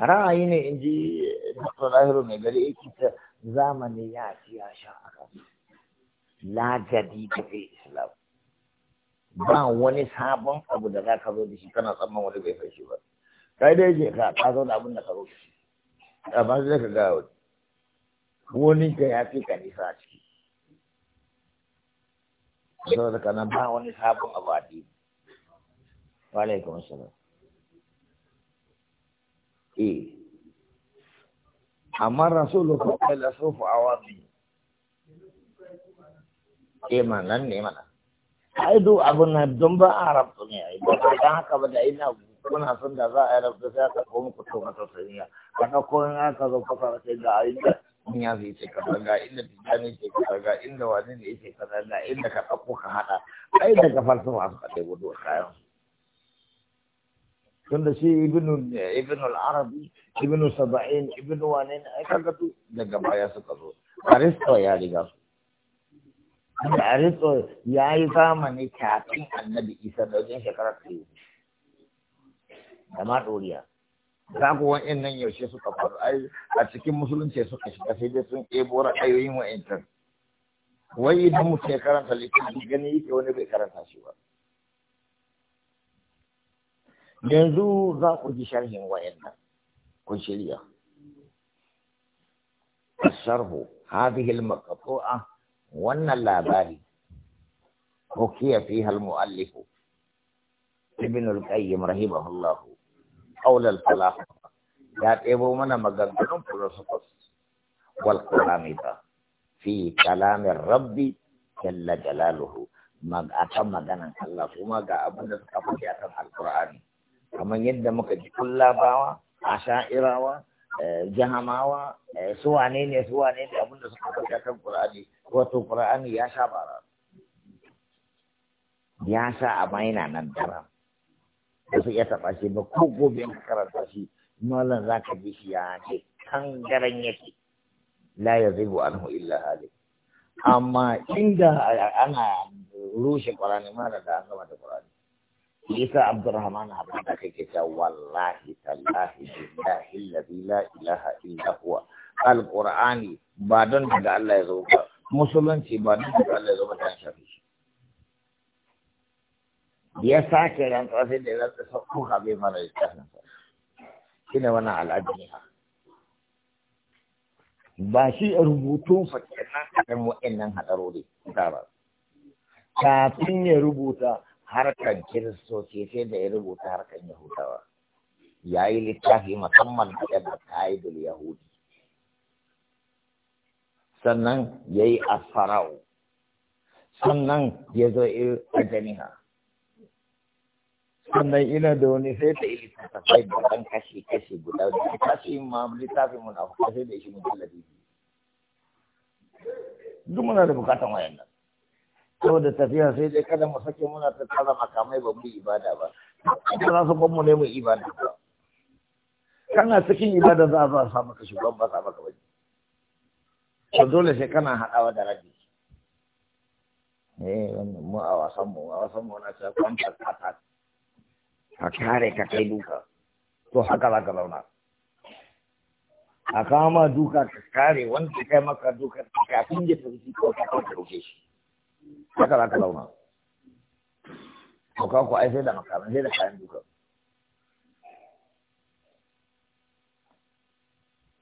ra'ayi ne in ji dr zahiru mai gari yake ta zamani ya ci ya sha a kan islam ba wani sabon abu da za ka zo da shi kana tsamman wani bai kai ba kai dai je ka ka zo da abin da ka zo da shi amma sai ka ga wani wani ka ya fi ka nisa a ciki saboda kana ba wani sabon abu a dini wa alaikum assalam eh amma rasulu ko kai la sufu awami eh manan ne mana ai do abin nan don a rabu ne ai ba dan haka ba da ina kuna son da za a yi rabu sai aka koma ku tuma ta sariya kana ko in aka zo fasa sai ga ai da in ya zai ce ka ga inda tijani ce ka ga inda wani ne ce ka ga inda ka ɗauko ka haɗa ai daga falsafa suka ɗai gudu a kayan da shi ibnu ibnu al-arabi ibnu saba'in ibnu wani ai kaga daga baya suka zo aristo ya riga su da aritso ya yi zamani kafin annabi isa da wajen shekarar ta yi. ma ɗoriya za ku wa'in nan yaushe suka faru a cikin musulunci suka shiga sai dai sun ɗebo ra'ayoyin wa'intar wai idan mutum ya karanta littafi gani yake wani bai karanta shi ba yanzu za ku ji sharhin wa'annan ku shirya الشرح هذه المقطوعة wannan labari hukiya fi hal mu'allifu ibn al-qayyim rahimahullah qawl al-falah ya tebo mana maganganun filosofos wal qalamita fi kalamin rabbi jalla jalaluhu akan maganan Allah kuma ga abin da suka kan akan qurani kamar yadda muka ji kullabawa asha'irawa Eh, jahamawa eh, su wane ne su wane ne abinda suka faɗa kan Qur'ani wato Qur'ani ya sha bara ya sha a maina nan dara ba su iya taɓa shi ba ko gobe ka karanta shi mallan za ka ji shi ya ce garan yake la ya zai anhu illa hali amma inda ana rushe Qur'ani ma da an gama da Qur'ani isa abdurrahman da kake ta wallahi tallahi billahi alladhi la ilaha illa huwa alqur'ani ba don daga Allah ya zo ba musulunci ba don daga Allah ya zo ba ta shafi shi ya sake rantsa sai da rantsa sakko ka bai mana littafin sa shine wannan al'ajiya ba shi rubutun fakirin nan wa'annan hadarori kafin ya rubuta harkar kiristoci sai da ya rubuta harkar yahudawa ya yi littafi musamman da da ta'idul yahudi sannan ya yi asfarau sannan ya zo a jami'a sannan ina da wani sai ta yi littafi da ɗan kashi-kashi guda da kashi ma littafi mun na sai da shi mutum da bibi duk muna da bukatan wayan nan saboda tafiya sai dai kada mu sake muna ta tsara makamai ba mu yi ibada ba ita za su ban mu ne mu ibada ba kana cikin ibada za a zo a sa maka shugaban ba sa maka wani to dole sai kana haɗawa da rabi eh wannan mu a wasan mu a wasan mu na ta kwanta kata ka kare ka kai duka to haka za ka launa a kama duka ka kare wanda kai maka duka kafin ya tafi ko ka kauce shi haka za ka zauna kuka ku ai da makamai sai da kayan duka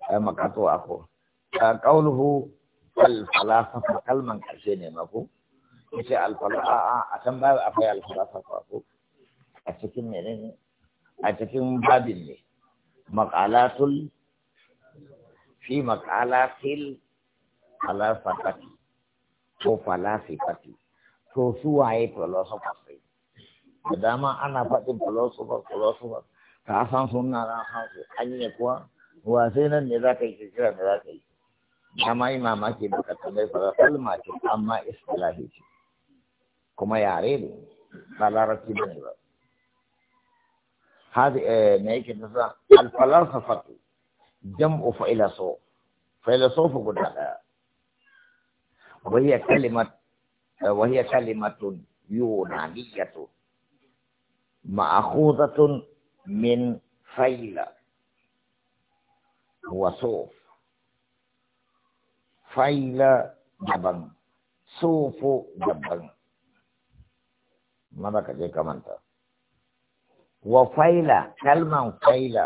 ai makato ako ka kauluhu alfalasafa kalman karshe ne mako yace alfalasafa a can ba akwai alfalasafa ko a cikin menene a cikin babin ne maqalatul fi maqalatil alfalafati ko falasifati to su waye philosophers ne da dama ana faɗin philosophers philosophers ka san suna na san su an yi kuwa wa sai nan ne za ka yi kira da za ka yi dama yi mamaki da ka tambayi fara kalma ce amma istilahi ce kuma yare ne ba larabci ba ne ba hadi eh, me yake nasa al falasafatu jam'u filosof filosof guda daya وهي كلمة وهي كلمة يونانية مأخوذة من فيل وصوف فيل جبن صوف جبن ماذا كذلك كمان وفيل كلمة فيل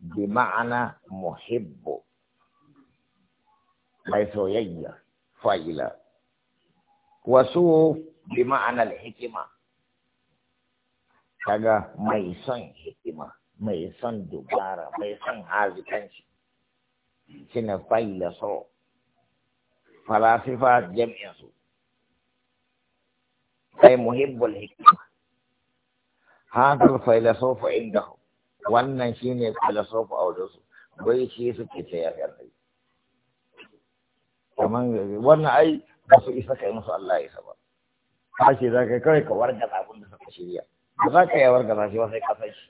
بمعنى محب ليس يجي فيل wasu bi ma'anar hikima kaga mai son hikima mai son dubara mai son hazikanci faila so falasifa jam'insu sai muhibbul hikima hadal failasofa indahu wannan shine filosofa a su bai shi suke sayar yanzu kamar wannan ai ba su isa kai musu Allah ya saba ba ce za ka kawai ka warga abin da suka shirya ba za ka yi warga za shi ba sai ka san shi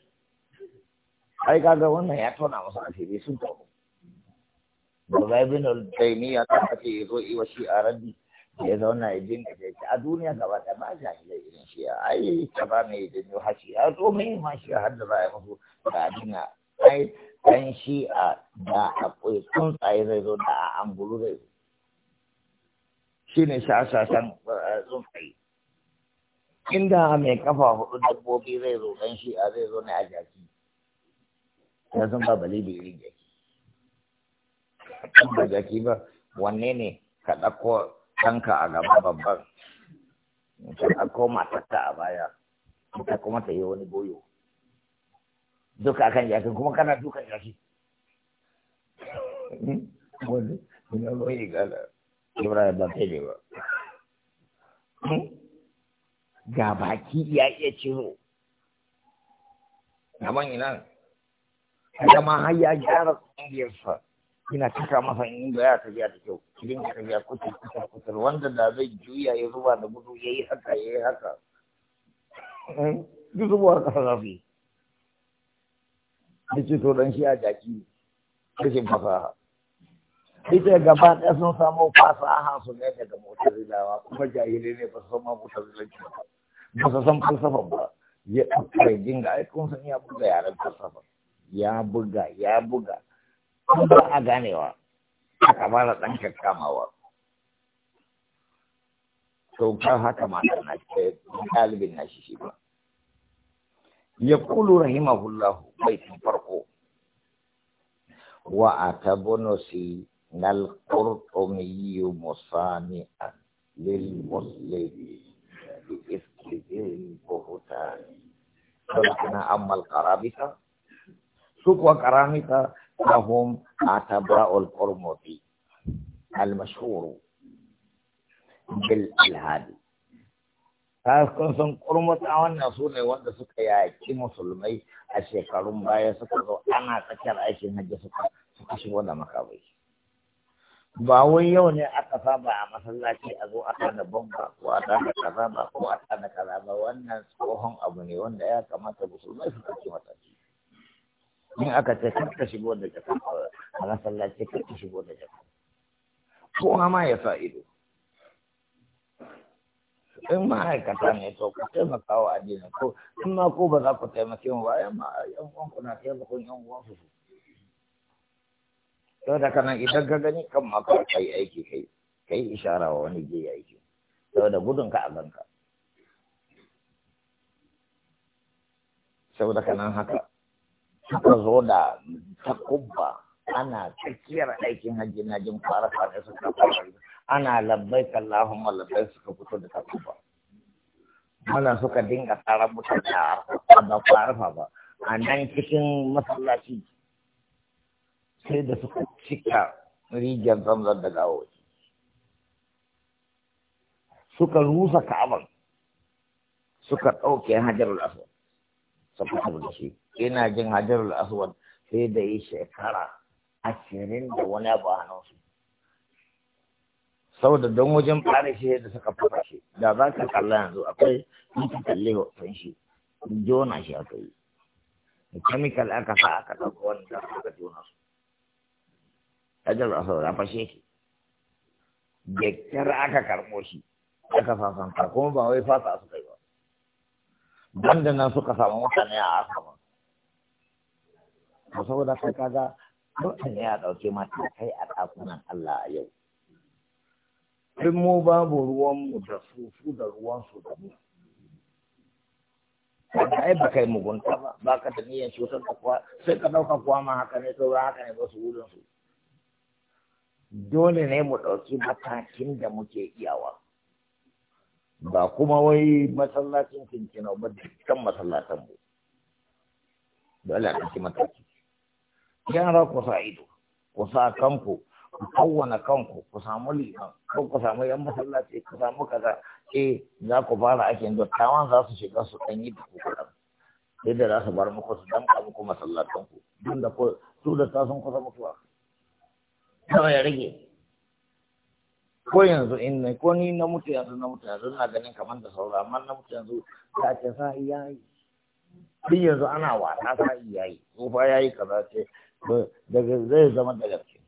ai kaga wannan ya tona musu asiri sun tono ba zai bin al-taymiya ta kace zo iwa shi a rabbi ya zauna ya dinga da ce. a duniya gaba da ba shi da irin shi ai ta ba mai da ni hashi a to mai ma shi har da a musu da dina ai dan shi a da akwai tsuntsaye zai zo da a angulu zai zo shi ne shashashen eh, tsuntsaye inda mai kafa hudu dabbobi zai zo dan shi a zai zo ne a jaki ya san ba bali da irin jaki ba jaki ba wanne ne ka ɗauko kanka a gaba babban ka ɗauko matarka a baya ita kuma ta yi wani goyo duka akan jaki kuma kana dukan jaki hmm? wani wani, wani, wani, Ibrahim ba ne ba. Hmm? Ga baki ya iya ciro. Gaban ina. Kaga ma har ya gyara ƙungiyarsa. Ina cika masa in da ya tafiya da kyau. Kidin tafiya kuce kuce kuce wanda da zai juya ya zuba da gudu ya yi haka ya yi haka. Hmm? Duk zubuwar ƙasa zafi. Da ce to don shi a jaki. kashin fasaha. ita gaba ɗaya sun samu fasaha su ne daga motar rilawa kuma jahili ne ba su san ma motar rilanci ba su san falsafa ba ya ɗaukar dinga ai kun san ya buga yaren falsafa ya buga ya buga kun ba a ganewa a kamala ɗan kakkamawa to haka mata na ce ɗalibin na shi shi ba ya kulu rahimahullahu bai tun farko wa a tabbonosi القرطمي مصانعا للمسلم باسمه البهتان فلحنا اما القرابطه سوق وكرامطه فهم اعتبراء القرمطي المشهور بالالهاد فاسكن سن قرمط او نصوني وانت سكا يا مسلمي اشي كرم بايا انا سكا رأيشي نجا سكا سكا شوانا مخابيش ba wai yau ne aka saba a masallaci a zo a da bomba ko a da kaza ba ko a da kaza ba wannan tsohon abu ne wanda ya kamata musulmai su ɗauki mataki in aka ce kar ka shigo da jaka a masallaci kar ka shigo da jaka ko ma ya sa ido in ma'aikata ne to ku taimaka wa addinin ko in ma ko ba za ku taimake mu ba yan ma'aikatan ku na taimakon yan uwansu ku. to da kana idan ka gani kan maka kai aiki kai kai ishara wa wani je aiki da gudun ka a ganka saboda kanan haka suka zo da takubba ana tsakiyar aikin hajji na jin fara fara suka fara ana labbai kallahumma labbai suka fito da takubba mana suka dinga tsara mutane a arfa ba fara ba a nan cikin masallaci sai da suka cika rijiyar zamzam da gawawaci suka rusa ka'abar suka ɗauke hajjarul aswad suka haɗu da shi ina jin hajjarul aswad sai da yi shekara ashirin da wani abu a hannunsu da don wajen fara shi da suka fara shi da za ka kalla yanzu akwai mafi ka wa hoton shi jona shi aka yi chemical aka sa aka ɗauka wanda aka jona su ajar a saura fashe ki da kyar aka karɓo shi aka sasanta kuma ba wai fasa su kai ba don da nan suka samu mutane a asama ba saboda ka kaga mutane ya ɗauke mata kai a ɗakunan Allah a yau in mu babu ruwanmu da su su da su da mu wanda ai ba kai mugunta ba ba ka da niyyar cutar da kuwa sai ka ɗauka kuwa ma haka ne saura haka ne ba su wurin su dole ne mu ɗauki matakin da muke iyawa ba kuma wai masallacin kinkina ba dukkan masallacin mu dole a ɗauki matakin. yara ku sa ido ku sa kanku ku kowane kanku ku samu liman ko ku samu yan masallaci ku samu kaza eh za ku fara aikin dattawan za su shiga su ɗanyi yi da ku kaɗan sai za su bar muku su damƙa muku masallatan ku don da ku su da ta sun kusa mutuwa kawai ya rage ko yanzu in ne ko ni na mutu yanzu na mutu yanzu na ganin kamar da sauran amma na mutu yanzu ta ce sa iya yi duk yanzu ana wata sa iya yi tsufa ya yi kaza ce daga zai zama da gaske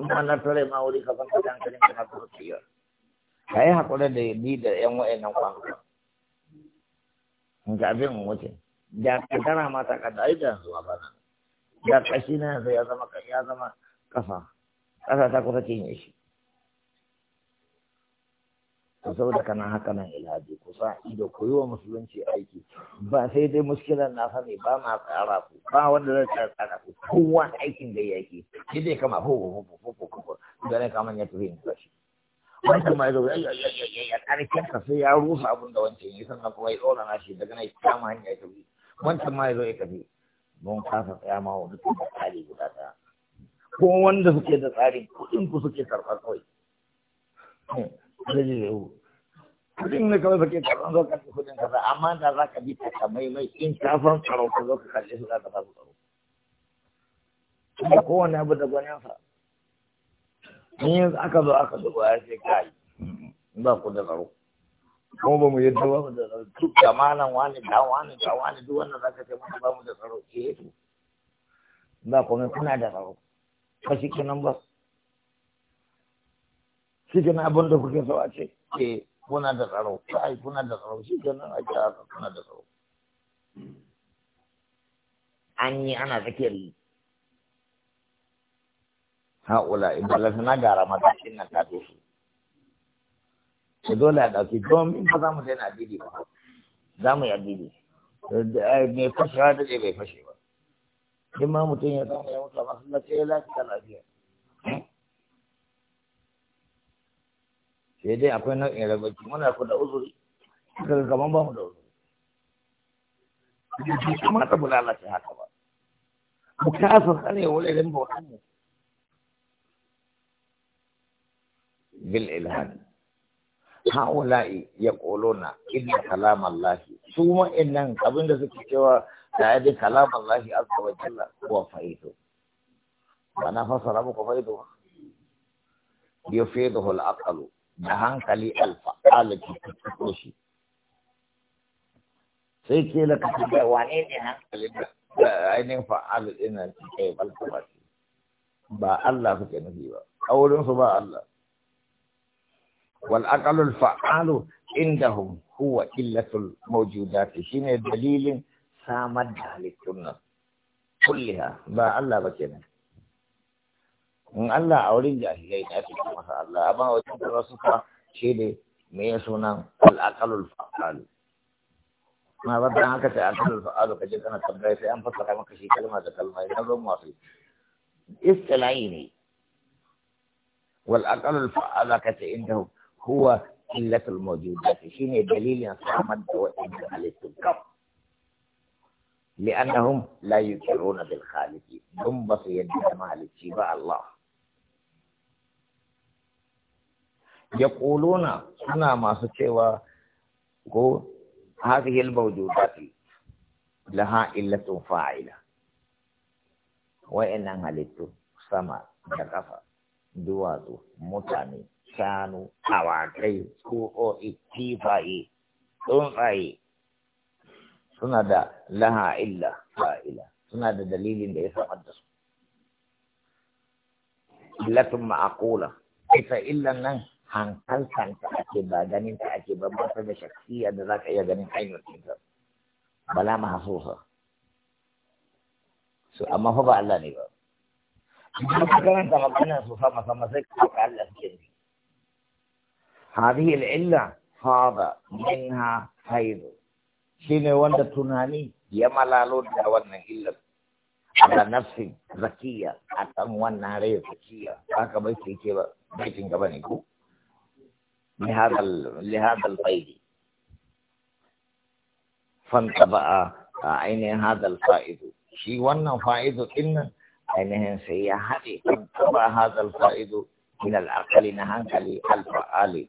ma na tare ma wuri ka san kaje hankalin ka na kurciya ka yi haƙuri da ni da yan wa'annan kwanuka in ga abin wuce da ka ma mata ka ai da yanzu ba na ya kashi na yanzu ya zama ya zama ƙasa, ƙasa ta kusa cinye shi to saboda kana haka nan ilhaji ku sa ido ku yi wa musulunci aiki ba sai dai muskilan na sani ba ma tsara ku ba wanda zai tsara tsara ku kowa aikin da yake shi dai kama ko ko ko ko ko ko da ne kaman ya tafi ne shi Wancan ma yazo ya ya ya ya karkin ka sai ya rusa abin da wancan yi sannan kuma ya tsora na shi daga nan ya kama hanyar ya tafi wancan ma yazo ya tafi mun kasa tsaya ma wa duk da tsari guda ɗaya ko wanda suke da tsarin kuɗin ku suke karɓa kawai zai yau kuɗin ne kawai suke karɓa zo karɓi kuɗin kaza amma da za ka bi ta kamai mai in ka san tsaro ka zo ka kalli su za ka su tsaro kuma kowane abu da gwaninsa in yanzu aka zo aka duba ya ce kai ba ku da tsaro kuma ba mu yadda ba mu da tsaro duk kamanan wani da wani da wani duk wannan zaka ce mana ba mu da tsaro eh to ba kuma kuna da tsaro Ka shi kenan ba shi kenan abin da kuke so a ce eh kuna da tsaro kai kuna da tsaro shi kenan a ce haka kuna da tsaro an yi ana yi ha'ula idan lasana ga ramadan din nan ta dosu da dole a ɗauki in ba za mu daina addini ba za mu yi addini eh, mai fashewa da bai fashe ba in ma mutum ya zama ya mutu a masallaci ya lafiya lafiya sai dai akwai nau'in rabaki muna ku da uzuri daga gaban ba mu da uzuri bai kamata mu lalace haka ba mu kasa tsare wurin bautan mu bil ilhadi haula'i ya kolona inna kalaman lahi su wa'annan abinda suke cewa da ya ji kalam Allah azza wa jalla wa fa'ido ba na fasara muku fa'ido ba yufiduhu al-aqlu da hankali al-fa'al ki ko shi sai ke la ka ga wane ne hankali da ainihin fa'alu ina ke balta ba ba Allah suke nufi ba aurin su ba Allah والاقل الفعال عندهم هو إلة الموجودات هنا دليل سامد للسنة كلها ما الله بكنا إن الله أولين جاهلية نفسك ما شاء الله أما وجدت الرسول شيري ميسونا الاقل الفعال ما بدنا الاقل الفعال الفعال كجدنا تبعي في أنفس رحمة كشي كلمة تكلمة ينظم واصل استلعيني والعقل الفعال كتئنده هو قلة الموجودات شنو الدليل أن صامد الكفر لأنهم لا يكرون بالخالق هم بصيد على شفاء الله يقولون أنا ما ستوى هذه الموجودات لها إلة فاعلة وإنها لتصمد جغفة دواد متامين shanu awakai tsutsotsi kifaye tsuntsaye suna da laha illa fa'ila suna da dalilin da ya samar da su illatun ma'akula ita illan nan hankalkanta ake ba ganin ta ake ba ba ta da shaksiya da za ka iya ganin ainihin cinta bala mahasusa su amma fa ba Allah ne ba idan ka karanta maganar su fa masa masai ka Allah suke ne هذه العلة هذا منها خير شنو وانت تناني يا ملالو دعوانا إلا على نفس ذكية أتم وانا عليه ذكية أكا بيكي كيبا بيكي كبانيكو لهذا لهذا الفائد فانتبأ أين هذا الفائد شي وانا فائد إن أين سيحدي فانتبأ هذا الفائد من العقل نهانك لألف آلي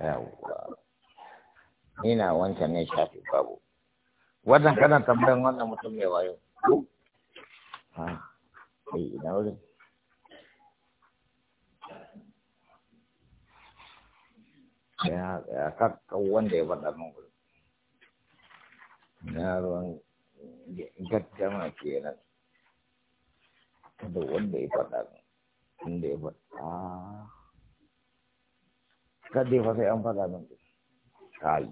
yawwa ina wancan ne shafi babu wannan kana tambayan wannan mutum mai wayo ha ai ina wurin ya ya kakka da ya faɗa min wurin na ruwan gaddama kenan kada wanda ya faɗa min wanda ya faɗa Ka fa sai an faɗa min kai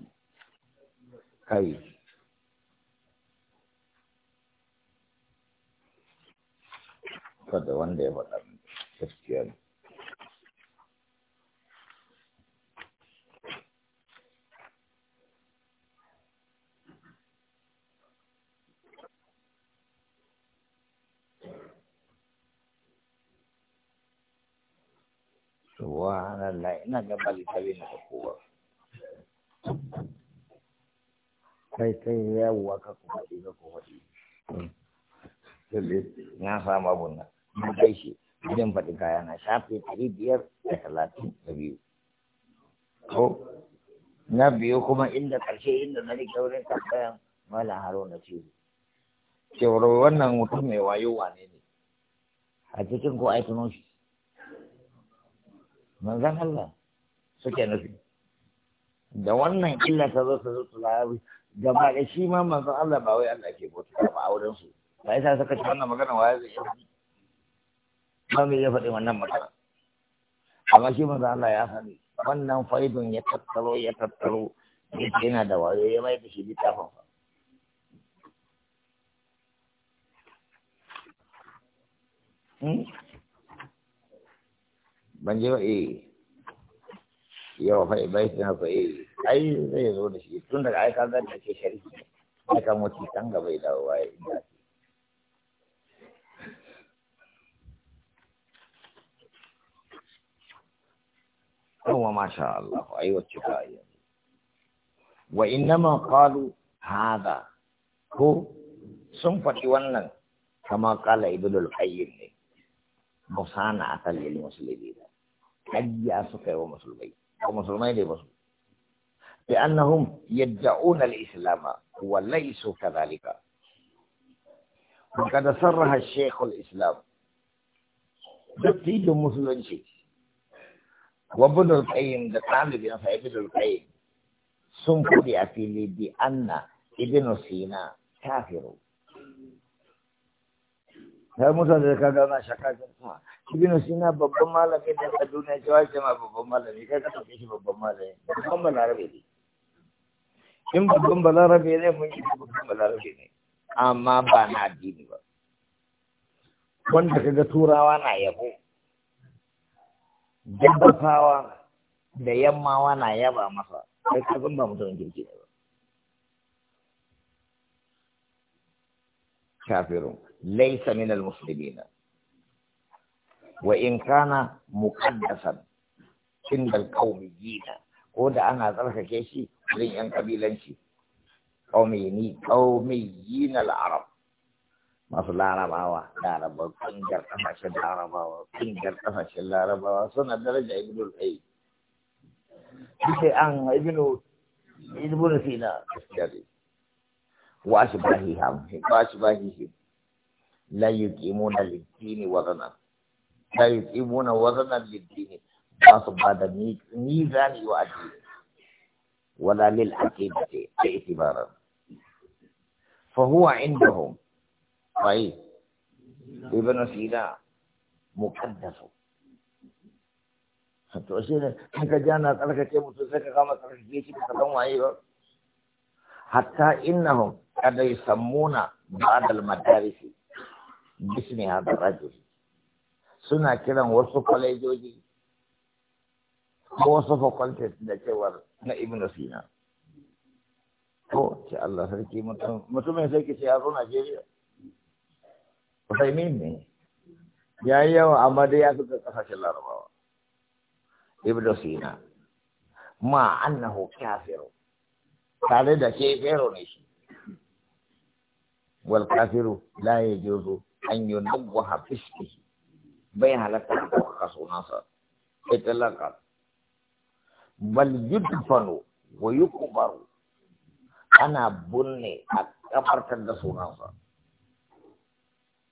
kai fada wanda ya faɗa gaskiya ne subhanallah ina ga balitare na kowa kai kai yawwa ka ku faɗi ga ku faɗi na sama abun nan na kai shi idan fadi kaya na shafe ɗari biyar da talatin da biyu ko na biyo kuma inda ƙarshe inda na rike wurin mala haro haruna ce cewar wannan mutum mai wayo wane ne a cikin ko aiki shi manzan Allah suke nufi da wannan illa ta zo ta zo ta lahabi gaba da shi ma manzan Allah ba wai Allah ke bauta ba a wurin su ba yasa suka ci wannan magana waye zai yi ba mai ya faɗi wannan magana amma shi manzan Allah ya sani wannan faidun ya tattaro ya tattaro yana da wayo ya mai da shi littafin fa Hmm? من جوا إيه يوم في بيت نفسه إيه أي شيء يقول شيء تونا كاي كذا نشى شريك ما كم شيء كان قبل إذا هو أي هو ما شاء الله أي وجهك أي وإنما قالوا هذا هو sumpati wannan kama kala ibnul qayyim ne musana atal lil حج أسقى ومسلمين ومسلمين لمسلمين لأنهم يدعون الإسلام وليسوا كذلك وقد صرح الشيخ الإسلام تقيد مسلم شيء وابن القيم دقال بن ابن القيم سنقضي أفيلي بأن ابن سينا كافرون sai musa da ka gana shaka jinsa shi na babban malami da a duniya cewa shi ma babban malami kai ka tafi shi babban malami babban balarabe ne in babban balarabe ne mun yi babban balarabe ne amma ba na addini ba wanda kaga turawa na yabo jabbasawa da yammawa na yaba masa kai ka zan ba mutumin kirki ne ba kafirun ليس من المسلمين وإن كان مقدسا عند القوميين قد أنا ذلك كيشي ولن ينقبيلن شي قوميني قوميين العرب ما في العرب هوا العرب كنجر قفش العرب هوا كنجر قفش العرب هوا سنة درجة ابن الحي بشي أن ابن ابن سينا واشباهي هم واشباهي هم لا يقيمون للدين وزنا لا يقيمون وزنا للدين أصبح هذا ميزان يؤدي ولا للعقيدة اعتبارا فهو عندهم طيب ابن سينا مقدس حتوسينا حتى جانا ترك كم تزكى كم ترك جيشي كم حتى إنهم كانوا يسمون بعض المدارس bismi hadar rajul suna kiran wasu kwalejoji ko wasu fakultet da cewar na ibn sina Ko ce Allah sarki mutumin sai ki ce ya zo Najeriya Usaimin ne ya yi yawa amma dai ya fita kasashen larabawa ibn sina ma annahu kafiru tare da ke fero ne shi wal kafiru la yajuzu أن ينوه باسمه بين لك توخص نصر يتلقى بل يدفن ويكبر أنا بني أكبر كدس نصر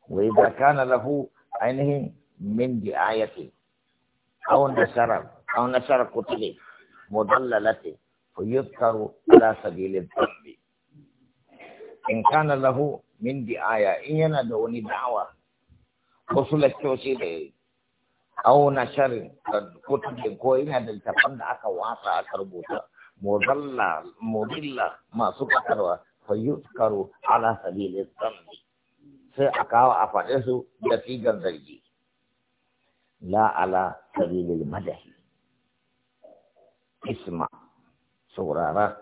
وإذا كان له عينه من دعاية أو نشر أو نشر كتلة مضللة فيذكر على سبيل الذنب إن كان له min Aya, in yana da wani da'awa wasu lakcoci da ya yi auna sharin kutubin ko yana da littafan da aka wasa aka rubuta mozilla masu fatarwa fayyuskaru ala sabilin zambi sai a kawo a faɗe su da sigan zargi la ala sabilin madahi isma saurara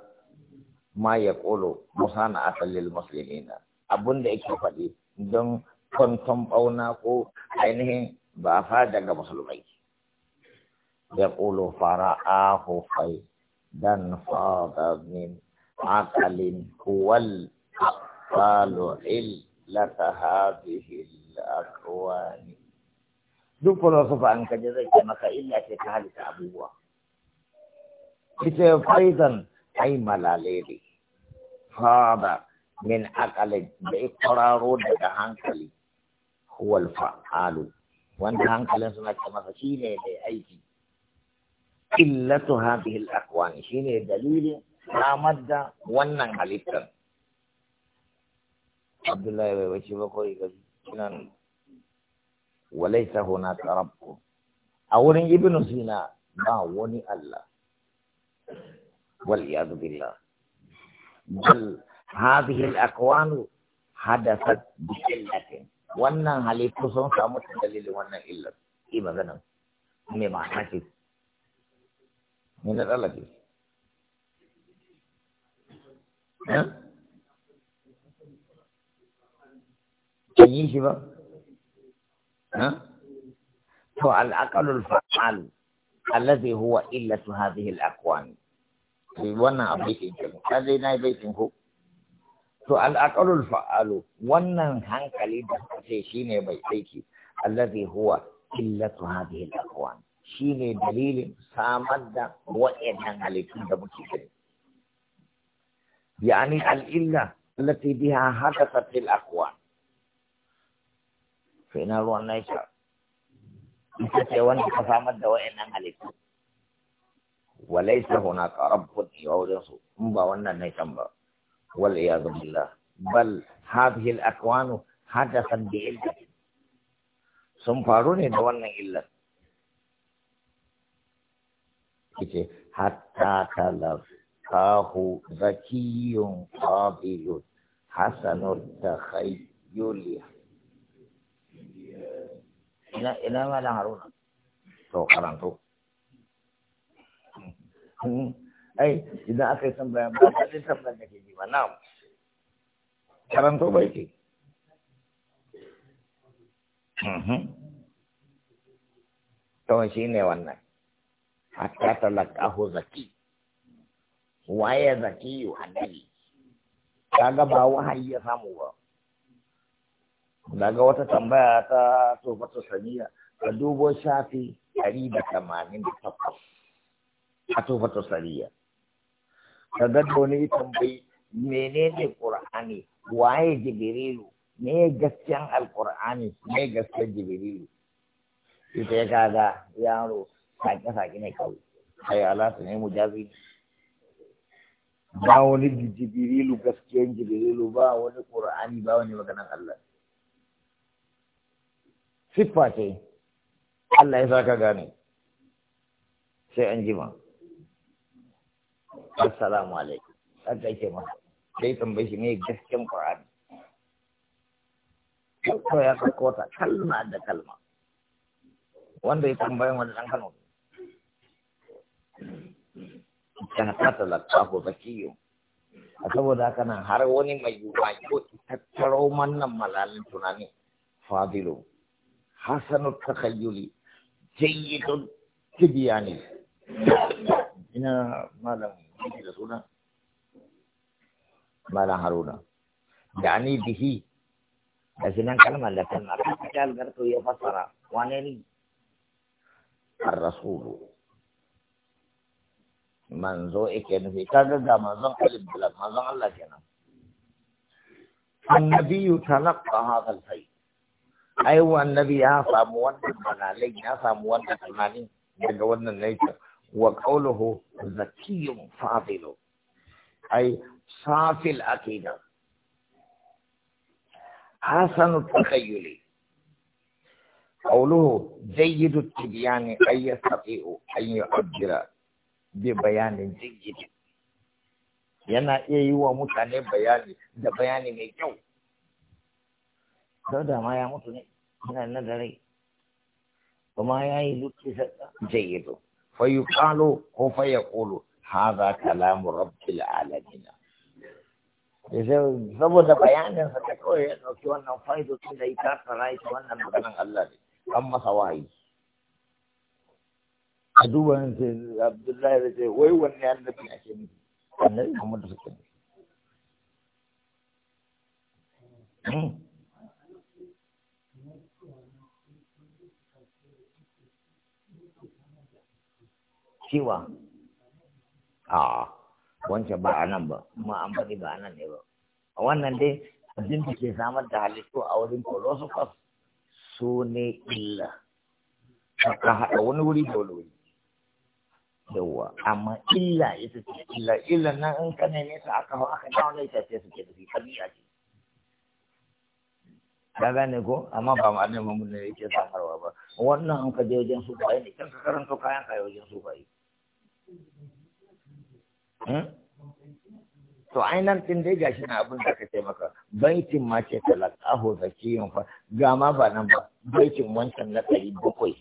ma ya ƙolo musana asalin musulmina abun da yake faɗi don kwanton ɓauna ko ainihin ba fa daga musulmai ya ƙulo fara ahu fai dan fada min akalin huwal aqalu illata hadhihi al-aqwani duk filosofa an kaji zai ce maka illa ce ta halitta abubuwa ita faizan ai malalele fada min akalin da ya kwararo daga hankali huwal fa'alu wanda hankalin suna ce masa shi ne mai aiki illatu hadhihi al-aqwani shine dalilin samar da wannan halittar Abdullahi bai bace ba kawai ga nan walaysa hunaka rabbu a wurin ibnu sina ba wani Allah wal iyad billah هذه الأقوال حدثت بشلة وانا هلي فسون سامو تدليل وانا إلا إيه إما ذنب مي بعد حكي من الله كيف تنيي شبا هو الأقل الفعال الذي هو إلة هذه الأقوال وانا أبيك إنك هذه نايبيك إنك to al'aqalul fa'alu wannan hankali da kace shine mai aiki allazi huwa illatu hadhihi al-aqwan shine dalilin samar da wa'annan halittun da muke gani yani al-illa allati biha hadathat al-aqwan fa ina ruwan naisa ita ce wanda ta samar da wa'annan halittun walaysa hunaka rabbun yawdansu in ba wannan naisan ba والعياذ بالله بل هذه الأكوان حدثا بعلة ثم سنفارون دوانا إلا حتى تلقاه ذكي قابل حسن التخيل إلى إلى ما لا هارون تو قرانتو ai idan aka yi tambaya ba ta ɗin tambayar da ke ji ba na karanto bai ke mhm. tawon shi ne wannan hatta talaqahu zaki waye zaki yu annabi Ta gaba wahayi ya samu ba daga wata tambaya ta ta saniya ka dubo shafi ɗari da tamanin da a tofatu saniya kaga da wani tambayi menene qur'ani waye jibrilu me gaskiyan alqur'ani me gaskiyan jibrilu ita ya kaga yaro sake sake ne kawai ai Allah ta ne jazi. ba wani jibrilu gaskiyan jibrilu ba wani qur'ani ba wani maganan Allah siffa ce Allah ya saka gane sai an jima. assalamu alaikum haka yake masa sai tambayi shi ne gaskiyan qur'ani ko ya ɗauko ta kalma da kalma wanda ya tambaye wani dan Kano ta hata lakahu zakiyu a saboda haka nan har wani mai yiwuwa ko tattaro wannan malalin tunani fadilu hasanu takhayyuli jayyidun tibiyani ina malam da suna haruna da ni bihi da shi nan kalmar da kan aka ta algarto ya fassara wane ne ar-rasulu manzo yake nufi kaga ga manzon alif bilal manzon Allah kenan annabiyu talaqqa hadha al-hayy ai annabi ya samu wannan malalai ya samu wannan tunanin daga wannan nature wa qawluhu zakiyyun fadil ai safil aqida hasanu takhayyuli qawluhu jayyidu tibyani ay yastati'u an yu'abbira bi bayanin jayyid yana iya yi wa mutane bayani da bayani mai kyau sau da ma ya mutu ne yana nan da rai kuma ya yi lutfi sadda jayyidu فيقال هو فيقول هذا كلام رب العالمين saboda bayanin sa ta kawai ya ɗauki wannan faidocin da ita tsara ita wannan maganan Allah ne an masa wayi a duba yin ce Abdullahi da ce wai wanne annabi ake nufi annabi Muhammad suke nufi siwa a wancan ba a nan ba kuma an faɗi ba a nan ne ba A wannan dai abin da ke samar da halittu a wurin philosophers su ne illa ka haɗa wani wuri da wani wuri yawwa amma illa ita ce illa illa nan in ka ne nesa aka hau aka dawo ne ta ce suke tafi tabi'a ce ka gane ko amma ba ma annabi mun ne yake samarwa ba wannan an ka je wajen su ne kan ka karanta kayan ka wajen su ba yi Eh? to ainihin tun dai gashi na abin da ka ce maka baitin ma ce talakaho zakiyin fa ga ma ba nan ba baitin wancan na ɗari bakwai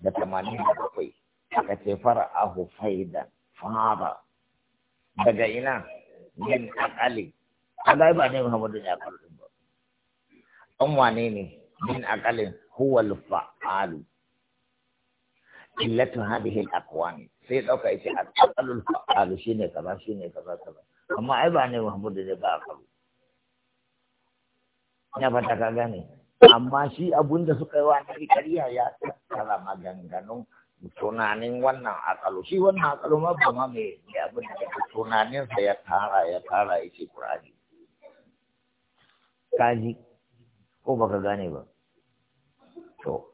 da tamanin da bakwai aka ce fara aho faida fara daga ina yin akali Allah ba ne Muhammadu ya karɓi ba an wane ne min akalin huwa al-fa'alu illatu hadhihi al-aqwani sai ɗauka ita a tsakalul fa'alu shi ne kaza shi ne kaza kaza amma ai ba ne muhammadu ne ba a karu ina fata ka gane amma shi abun da suka yi wa annabi ƙarya ya tattara maganganun tunanin wannan akalu shi wannan akalu ma ba ma mai abin da tunaninsa ya tara ya tara ya ce ƙurani kaji ko baka gane ba to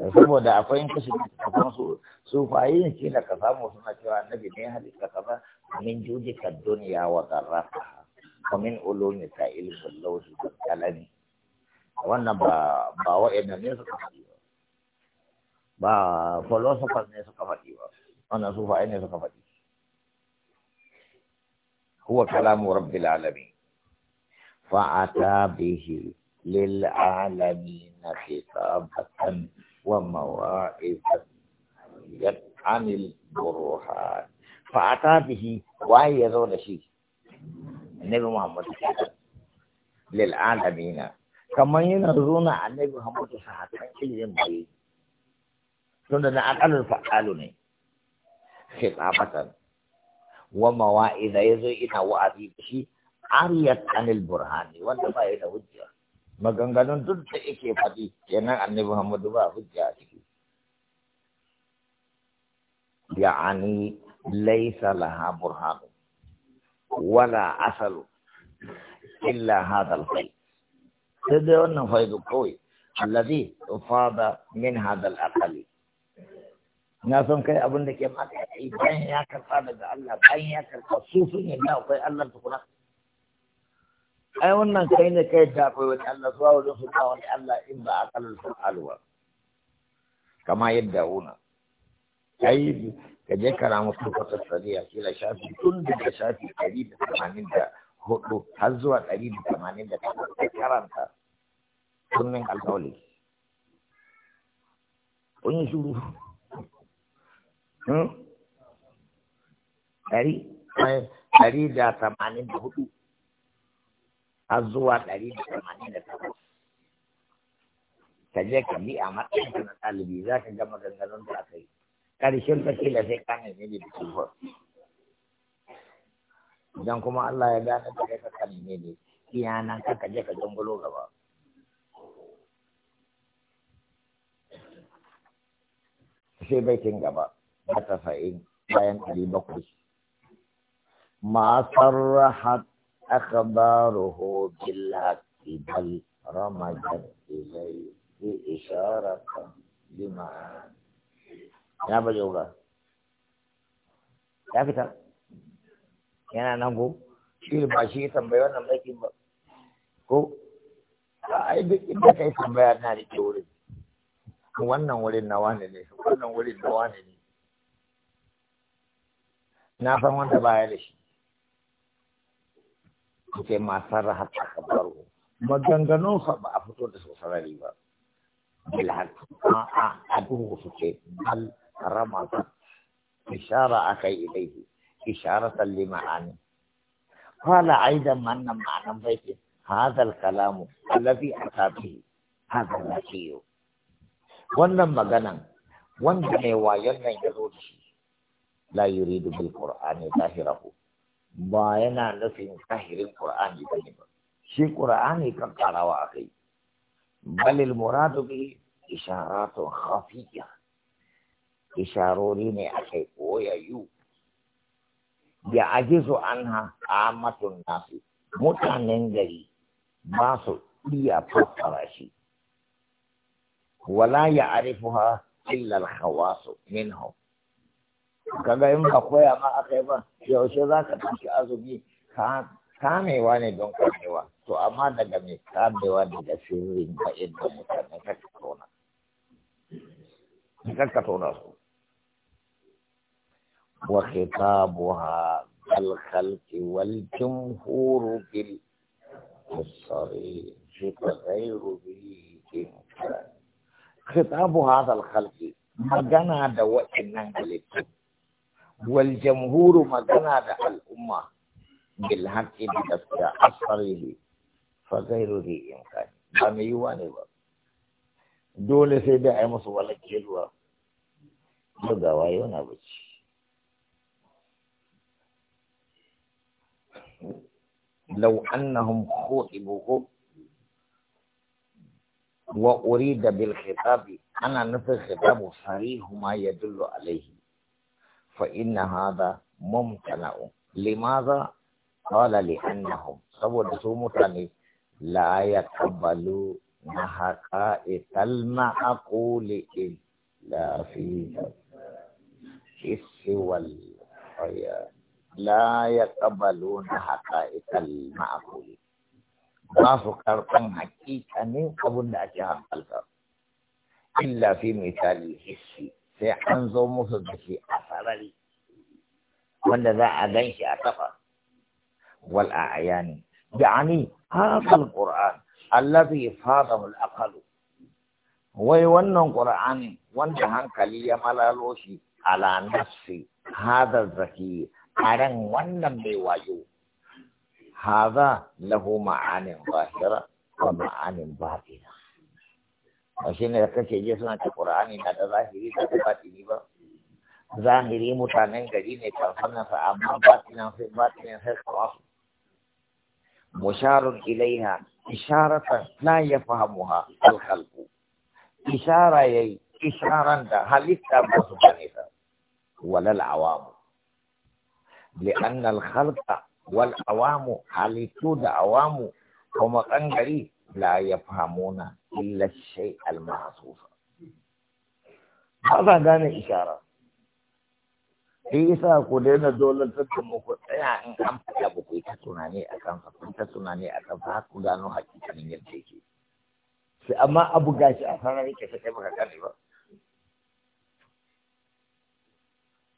saboda akwai kashi kuma su su fayin shi da ka samu suna cewa annabi ne halitta kaza min ka duniya wa garrafa wa min ulumi ta ilmin lauhi da kalami wannan ba ba wa'annan ne suka faɗi ba ba philosophers ne suka faɗi ba wannan su fayin ne suka faɗi huwa kalamu rabbil alamin fa'ata bihi lil alamin khitabatan ومواعظة عن البرهان فأتى به وهي ذول شيء النبي محمد للعالمين كما ينظرون عن النبي محمد صحة علم به سنة أقل الفعالون خطابة ومواعظ يزول إلى وعظيم شيء عريت عن البرهان وانتبه إلى وجهه maganganun duk da yake faɗi kenan annabi Muhammadu ba hujja a ciki ya'ani laisa laha burhanu. wala asalu illa hadha al-khayr sai dai wannan faidu kawai alladhi fada min hadha al-aqali na son kai abin da ke maka bayan ya karɓa daga Allah bayan ya karɓa su sun da akwai Allah tukuna ai wannan kai ne kai da akwai wani Allah zuwa wajen su ba wani Allah in ba a kalar fa'alu ba kama yadda una kai ka je kana musu kwata sariya kila shafi tun da shafi ɗari da tamanin da hudu har zuwa ɗari da tamanin da takwas karanta sunnin alkawali kun yi shuru hmm? ɗari da tamanin da hudu har zuwa ɗari da tamanin da takwas ka je ka bi a matsayin na ɗalibi za ka ga maganganun da aka yi ƙarshen ta da sai ka nemi da kifar idan kuma Allah ya gane da kai ka nemi ne iya nan ka je ka jangulo gaba sai baitin gaba ta sa'in bayan ɗari bakwai ma sarrahat أخباره بالحق بل رمجت إليه إشارة لما يا بجوغا يا فتاة yana nan ko shi ba shi tambayi wannan baikin ba ko ai duk inda kai tambaya na da ke wurin wannan wurin na wani ne wannan wurin na wani ne na san wanda baya da shi yake masar hatta kabaru maganganun sa ba a fito da su sarari ba bilhaq a'a abu suke al karama ishara akai ilaihi isharatan lima'ani قال أيضا أن معنى بيت هذا kalamu. الذي أتى به هذا yau. wannan maganan wanda ne wayon nan ya zo da shi la yuridu bil qur'ani zahirahu ba yana nufin kahirin Qur'ani ba ne ba shi Qur'ani kan karawa akai balil muradu bi isharatun khafiyya isharori ne akai koyayu ya ajizu anha amatun nasi mutanen gari ba su iya fassara shi wala ya arifuha illa al-khawasu minhum kaga in ba koya ma aka yi ba yaushe za ka tashi azumi ka kamewa ne don kamewa to amma daga mai kamewa daga sirrin ba inda mutane ka tona ka tona su wa khitabuha al khalqi wal jumhur bil musari shi ka gairu Kitabu khitabu hadha al khalqi magana da wa'annan halittu والجمهور مغنى ده الأمة بالحق بتفكير أصره فغير ذي إمكان ba يواني yiwuwa ne ba dole ولا da a yi musu لو أنهم خوطبوه وأريد بالخطاب أنا نفس الخطاب صريح ما يدل عليه فإن هذا ممتنع لماذا؟ قال لأنهم سبو دسومو تاني لا يتقبلوا نحقائط المعقول إلا في الحس والحياة لا يتقبلون حقائق المعقول ما فكرتم حقيقة من قبل أجهة إلا في مثال الحس سيحنظوا مصدفئة sarari wanda za a gan shi a kafa wal a'yani yani hadha alquran allazi fadahu alaqal wai wannan qur'ani wanda hankali ya malalo shi ala nafsi hadha zaki aran wannan mai wayo hadha lahu ma'anin zahira wa ma'anin batina shi ne da kake je suna ce qur'ani na da zahiri da batini ba zahiri mutanen gari ne kamfanin sa amma batinan sai batinan sai kawasu musharun ilaiha isharatan la ya fahamuha alhalbu isara ya yi isharan da halitta ba su gane ta walal awamu li annal khalqa wal awamu halittu da awamu kuma kan gari la ya fahamuna illa shay al mahsusa gane ishara. shi isa ku daina dolantar da mu ku tsaya in an faɗa ba ku yi ta tunani a kan ku ta tunani a kan fa ku gano hakikanin yadda yake sai amma abu gashi a sanar yake sai kai baka kare ba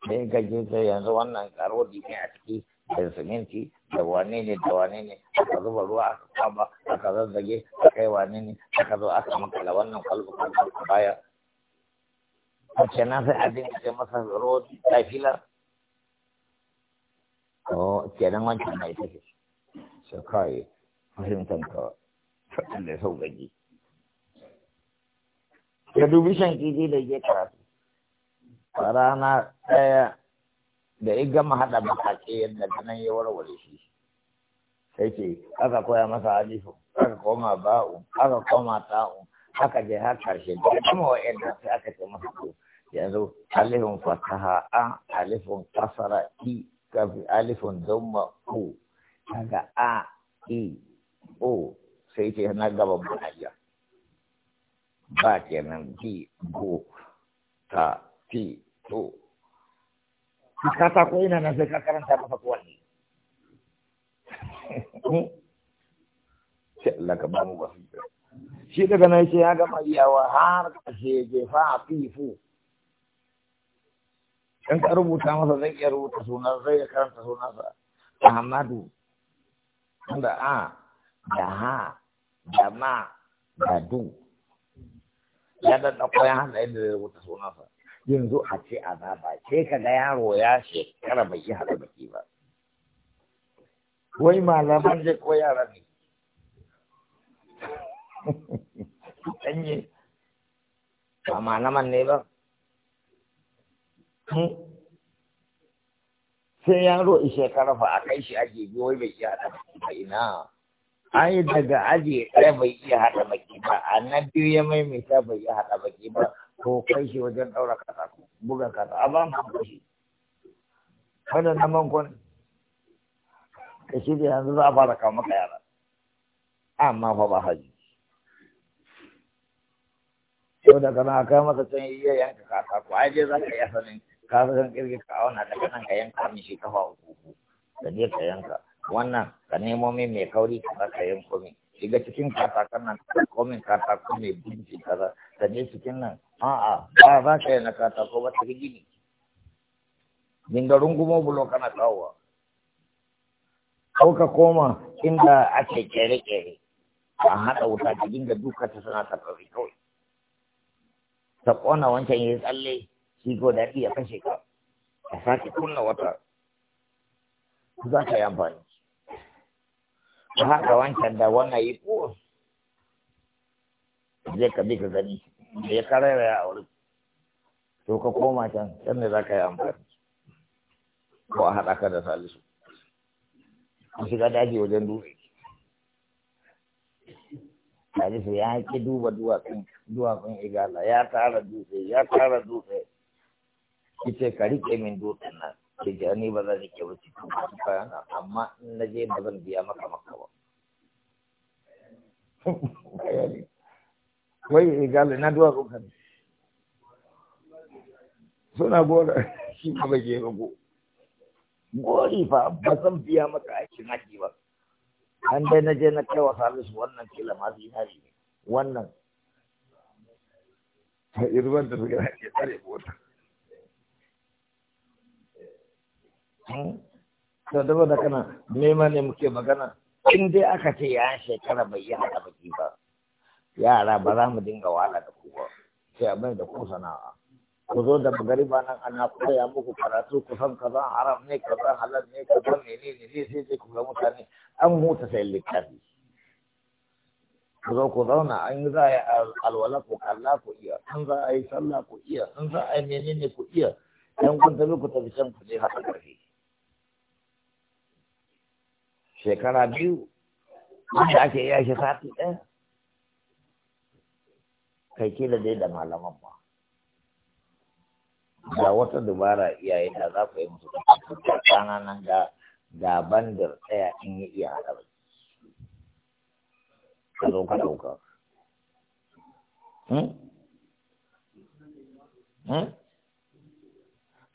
sai ka je yanzu wannan karo ne a ciki da siminti da wane ne da wane ne aka zuba ruwa aka a aka zazzage aka yi wane ne aka zo aka makala wannan kwalbukan baya a kenan sai a dinga ce eh, masa rodi tafila to kenan wancan mai take sai kai fahimtar ka fadin da sau gaji ya dubi shan kiji da ke karatu a rana ɗaya da ya gama haɗa makaƙe yadda nan ya warware shi sai ce aka koya masa alifu aka koma ba'u aka koma ta'u aka je har karshe da kuma wa'yan sai aka ce masa to yanzu alifin fataha a alifin kasara i kafi alifin zama o daga a i o sai ce na gaba manaja ba kenan bi go ta ti to ka ko ina nan sai ka karanta masa kowanne hmm? sai Allah ka ba mu ba shi daga nan sai ya gama iyawa har ka je fa fifu in ka rubuta masa zai iya rubuta suna zai iya karanta sa Ahmadu da a da ha da ma da du ya da da koyan hada inda zai rubuta sa yanzu a ce azaba ce ka ga yaro ya shekara bai yi haɗa baki ba wai malaman zai koya yara ne ɗanye ba malaman ne ba sai yaro ishe fa a kai shi aji biyu wai bai iya haɗa maki ba ina ai daga aji ɗaya bai iya haɗa maki ba a nan biyu ya maimaita bai iya haɗa maki ba ko kai shi wajen ɗaura kasa buga kasa a ba mu shi kada na mankon ka shirya yanzu za a fara kawo maka yara amma fa ba haji yau daga na kai masa can iya yanka kasa ko ai dai za ka iya sanin ka san kirki ka auna daga nan ka yanka min shi kafa uku da ne ka yanka wannan ka nemo min mai kauri ka ka yanko min shiga cikin katakan nan komin katako mai binci kaza ta ne cikin nan a'a ba za ka yi katako ba ta gini dinga rungumo bulo kana kawowa ko ka koma inda ake kere-kere a haɗa wuta ta dinga duka ta suna ta kawai ta ƙona wancan ya tsalle shi ko daɗi ya kashe ka a sake kunna wata za ka yi amfani ta haka wancan da wannan yi ko zai ka bi ka gani da ya karara ya aure to ka koma can can ne za ka yi amfani ko a haɗa ka da salisu a shiga daji wajen dutse salisu ya haƙi duba duwatsun duwatsun igala ya tara dutse ya tara dutse kice ka rike min dutsen nan ke ni ba zan rike ba cikin kayan amma in na je ba zan biya maka maka ba wai igali eh, na duwa kuka ne suna gora shi ba bai je rago gori fa ba zan biya maka cikin haji ba an dai na je na kai wa salisu wannan kila ma zinari ne wannan ta da suka rage tsare mota Hmm? to da da kana neman ne muke magana in dai aka ce ya shekara bai yi haɗa baki ba yara ba za mu dinga wahala da ku ba sai a mai da ku sana'a ku zo da ba nan ana koya muku karatu ku san kaza haram ne kaza halal ne kaza menene ne sai sai ku ga mutane an huta sai littafi ku zo ku zauna an yi za a yi alwala ku kalla ku iya an za a yi sallah ku iya an za a yi menene ku iya yan kun tafi ku tafi can ku je haɗa ƙarfi shekara biyu wanda ake iya shi sati ɗaya kai da dai da malaman ba da wata dubara iyaye da za ku yi musu kwana nan da da bandar tsaya in yi iya haɗa ba ka zo ka ɗauka hmm? hmm?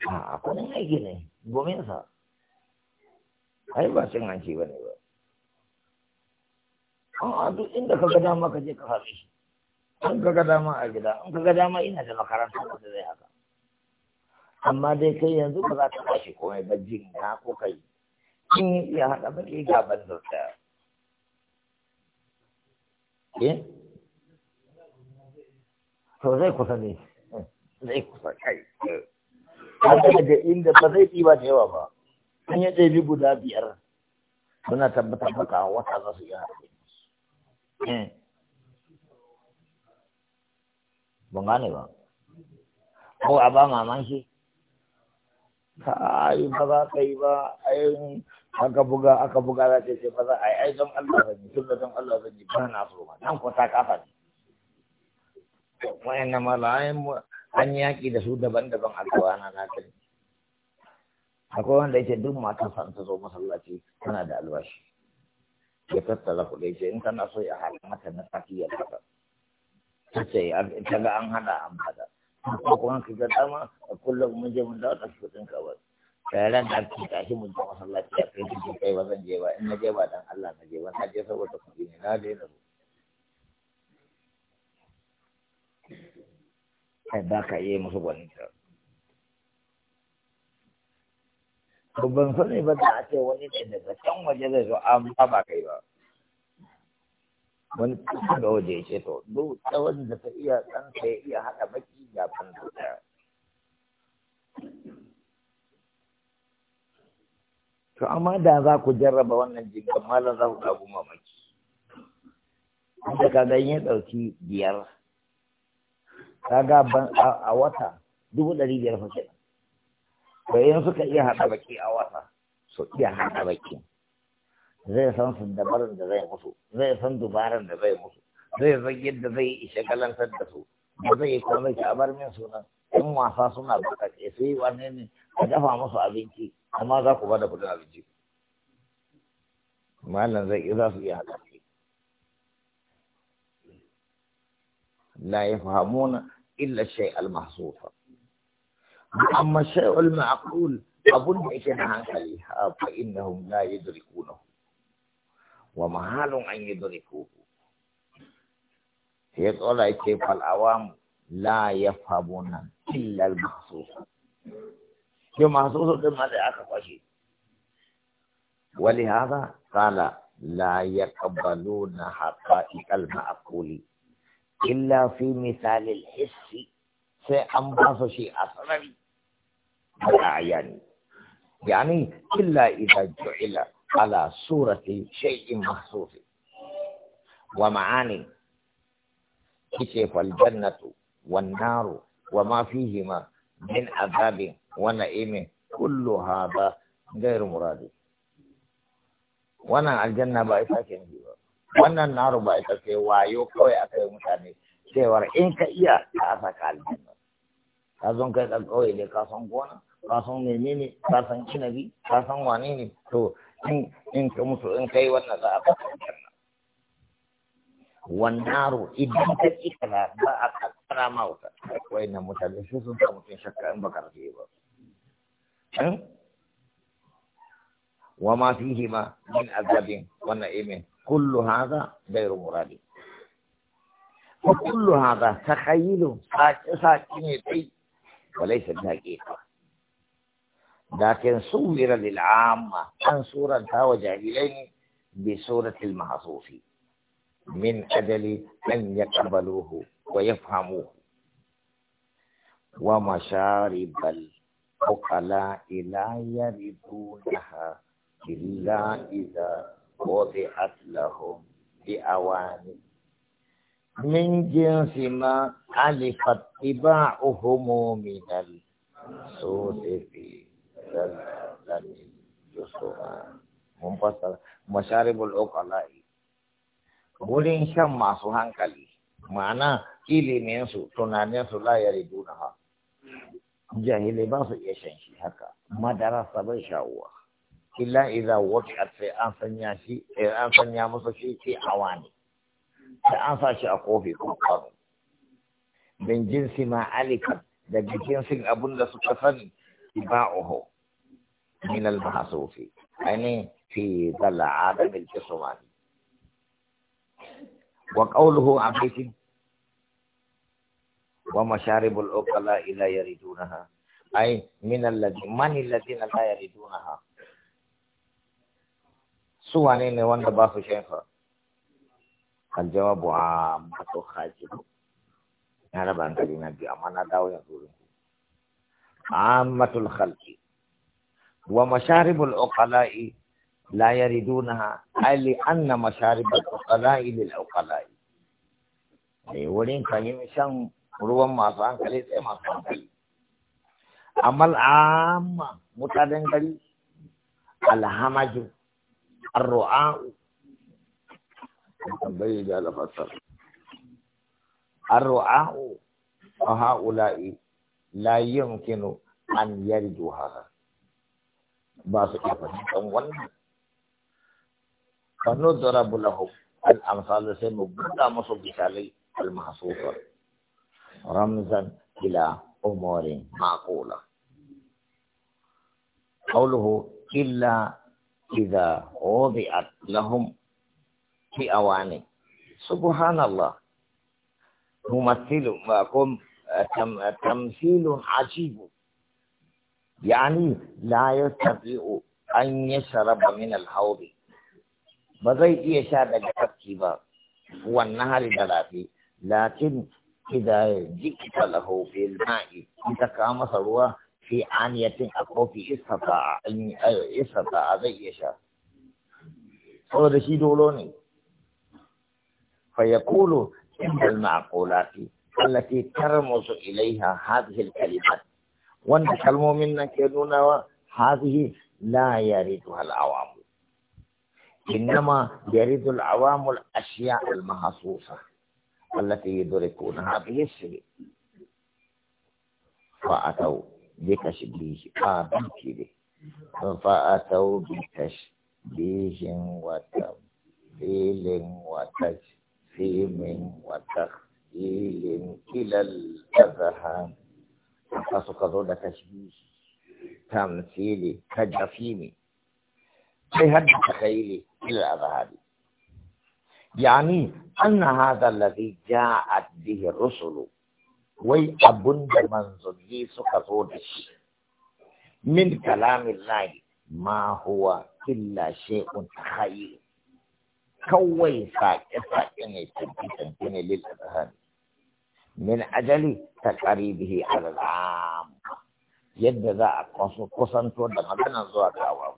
a ah, kudin aiki ne gominsa ai ba cin hanci ba ne ba an a duk inda ka ga dama ka je ka same shi an ka ga dama a gida an ka ga dama ina da makaranta wanda zai haka amma dai kai yanzu ba za ka tashi komai ba jin na ko kai in ya iya haɗa ba ke gaban da ke eh? to zai kusa ne zai kusa kai eh. da inda ba zai ɗiba da yawa ba an yi ɗabi guda biyar suna tabbatar kawo wata za su yi haɗe hmm. ban gane ba ko a ba mamaki ai ba za ka yi ba ai aka buga aka buga za ta ce ba za a yi ai don Allah zan yi tun da don Allah zan yi ba na so ba nan ko ta kafa ne wayan na malayen an yaki da su daban-daban a kawana na kai akwai wanda yake duk matan sa ta zo masallaci tana da albashi ya tattala kuɗi ce in kana so ya haɗa mata na sati ya fata ta ce ta ga an haɗa an bada. ko kuma ka ga dama a kullum mun je mun dawo da kuɗin ka ba tsayaran da ake tashi mun je masallaci a kai kuɗi kai ba zan je ba in na je ba dan Allah na je ba na je saboda kuɗi ne na daina zo. Ai, ba ka iya musu ta. to ban sani ba da a ce wani ne daga can waje zai zo an ba ba kai ba wani kusa da waje ya ce to duk tsawon da ta iya ɗan ya iya haɗa baki ga fanto ɗaya to amma da za ku jarraba wannan jinkan malam za ku kagu mamaki ka kaga ya ɗauki biyar ga a wata dubu ɗari biyar fa kenan bayan suka iya haɗa baki a wasa su iya haɗa baki zai san su dabarun da zai musu zai san dubaran da zai musu zai san yadda zai ishe galantar da su ba zai yi komai ki a bar min sunan in wasa suna buƙace su yi wane ne a dafa musu abinci amma za ku bada kudin abinci malam zai za su iya haɗa baki la yafhamuna illa shay al mahsufa أما الشيء المعقول أبن إتنا هنكلي فإنهم لا يدركونه ومحال أن يدركوه يقول كيف العوام لا يفهمون إلا المخصوص المخصوص لما ذاك شيء ولهذا قال لا يقبلون حقائق المعقول إلا في مثال الحس سأنبص شيء أصلا الأعيان يعني إلا إذا جعل على صورة شيء مخصوص ومعاني كشف الجنة والنار وما فيهما من عذاب ونعيم كل هذا غير مراد wannan aljanna ba ita ke nufi ba wannan naro ba ita ce wayo kawai a kai mutane cewar in ka iya ka ka aljanna ka zon kai ɗan kawai ne ka san gona ka san menene ka san inabi ka san wane ne to in in ka mutu in kai wannan za a fata aljanna wannan idan ka ci kaza ba a kankara ma wuta wai na mutane su sun samu mutum shakka in ba karfe ba hmm? wa ma ma min azabin wannan na'imin kullu haza ghayru muradi wa kullu haza hadha takhayyul saki kine dai walaysa bi haqiqa لكن صور للعامة أن صورة هو إليه بصورة المعصوف من أجل أن يقبلوه ويفهموه ومشارب العقلاء لا يردونها إلا إذا وضعت لهم بأواني من جنس ما ألفت اتباعهم من السوء فيه wurin shan masu hankali ma'ana ilimin su tunanin su la yariduna ha jahilai ba su iya shan shi haka madara sabai shawuwa Kila iza waqi'at sai an sanya shi an sanya masa shi awani sai an sa shi a kofi ko ƙaru. Ban jinsi ma alikan daga abun da suka sani iba'uhu من المحسوس يعني في ظل العالم الجسمان وقوله عبيد ومشارب العقلاء لا يريدونها أي من الذي من الذين لا يريدونها سواني نوان دباف شيخ الجواب عام خاجب هذا بان كلمة بأمانة داو يقولون عامة الخلق ومشارب العقلاء لا يريدونها علي أن مشارب العقلاء للعقلاء يقولين إيه، كان يمشان روا ما صان كليت إيه ما صان أما العام متدين كلي الهمج الرعاء الرعاء هؤلاء لا يمكن أن يردوا هذا بعض إخوانهم كمولا فنظر أبو لهم الأمثال سنبدأ مصبك علي المحصوص رمزا إلى أمور معقولة قوله إلا إذا وضعت لهم في أواني سبحان الله ممثل تمثيل عجيب يعني لا يستطيع أن يشرب من الحوض بغي يشرب شاد الحكي با والنهر دلافي لكن إذا جئت له في الماء إذا قام سروا في آنية أقوى في استطاع إصطاع ذي يشرب هذا شيء فيقول إن المعقولات التي ترمز إليها هذه الكلمات wanda kalmomin nan ke لَا يَرِيدُهَا الْعَوَامُ إنما يريد العوام الأشياء المحسوسة التي يدركونها بحسه فأتوا بتشبيه آدم فأتوا بتشبيه وتمثيل وتجسيم وتخيل إلى الأذهان haka suka zo da tashbihi tamsili ne. sai har da ne ila azhari yani anna hadha alladhi ja'at bihi rusulu wai abun da manzanni suka zo da shi min kalamin layi ma huwa illa shay'un takhayyu kawai saƙe-saƙe ne tafi-tafi ne lil azhari من أجل تقريبه على العام يد ذا قصن تود مدن الزواج أواب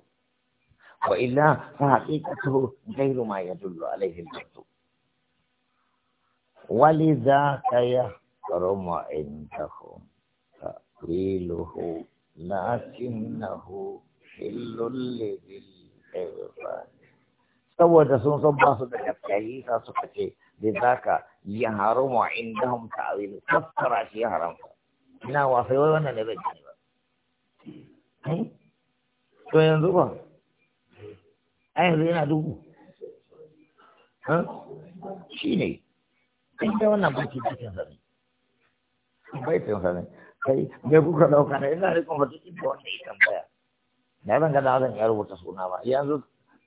وإلا فحقيقته غير ما يدل عليه المكتوب ولذاك يحرم عندهم تأويله لكنه حل لذي الإغفال سوى دسون صباص دكتاهي ساسو كتير لذاك a wili, تأويل كفر شيء حرام ina wasai wai wannan ne zai gani ba to yanzu ba a yanzu yana dubu shi ne in da wannan baki cikin sa ne bai cikin sa ne kai me kuka dauka ne ina rikon ba cikin da wanda ya baya na zan gada zan ya rubuta suna ba yanzu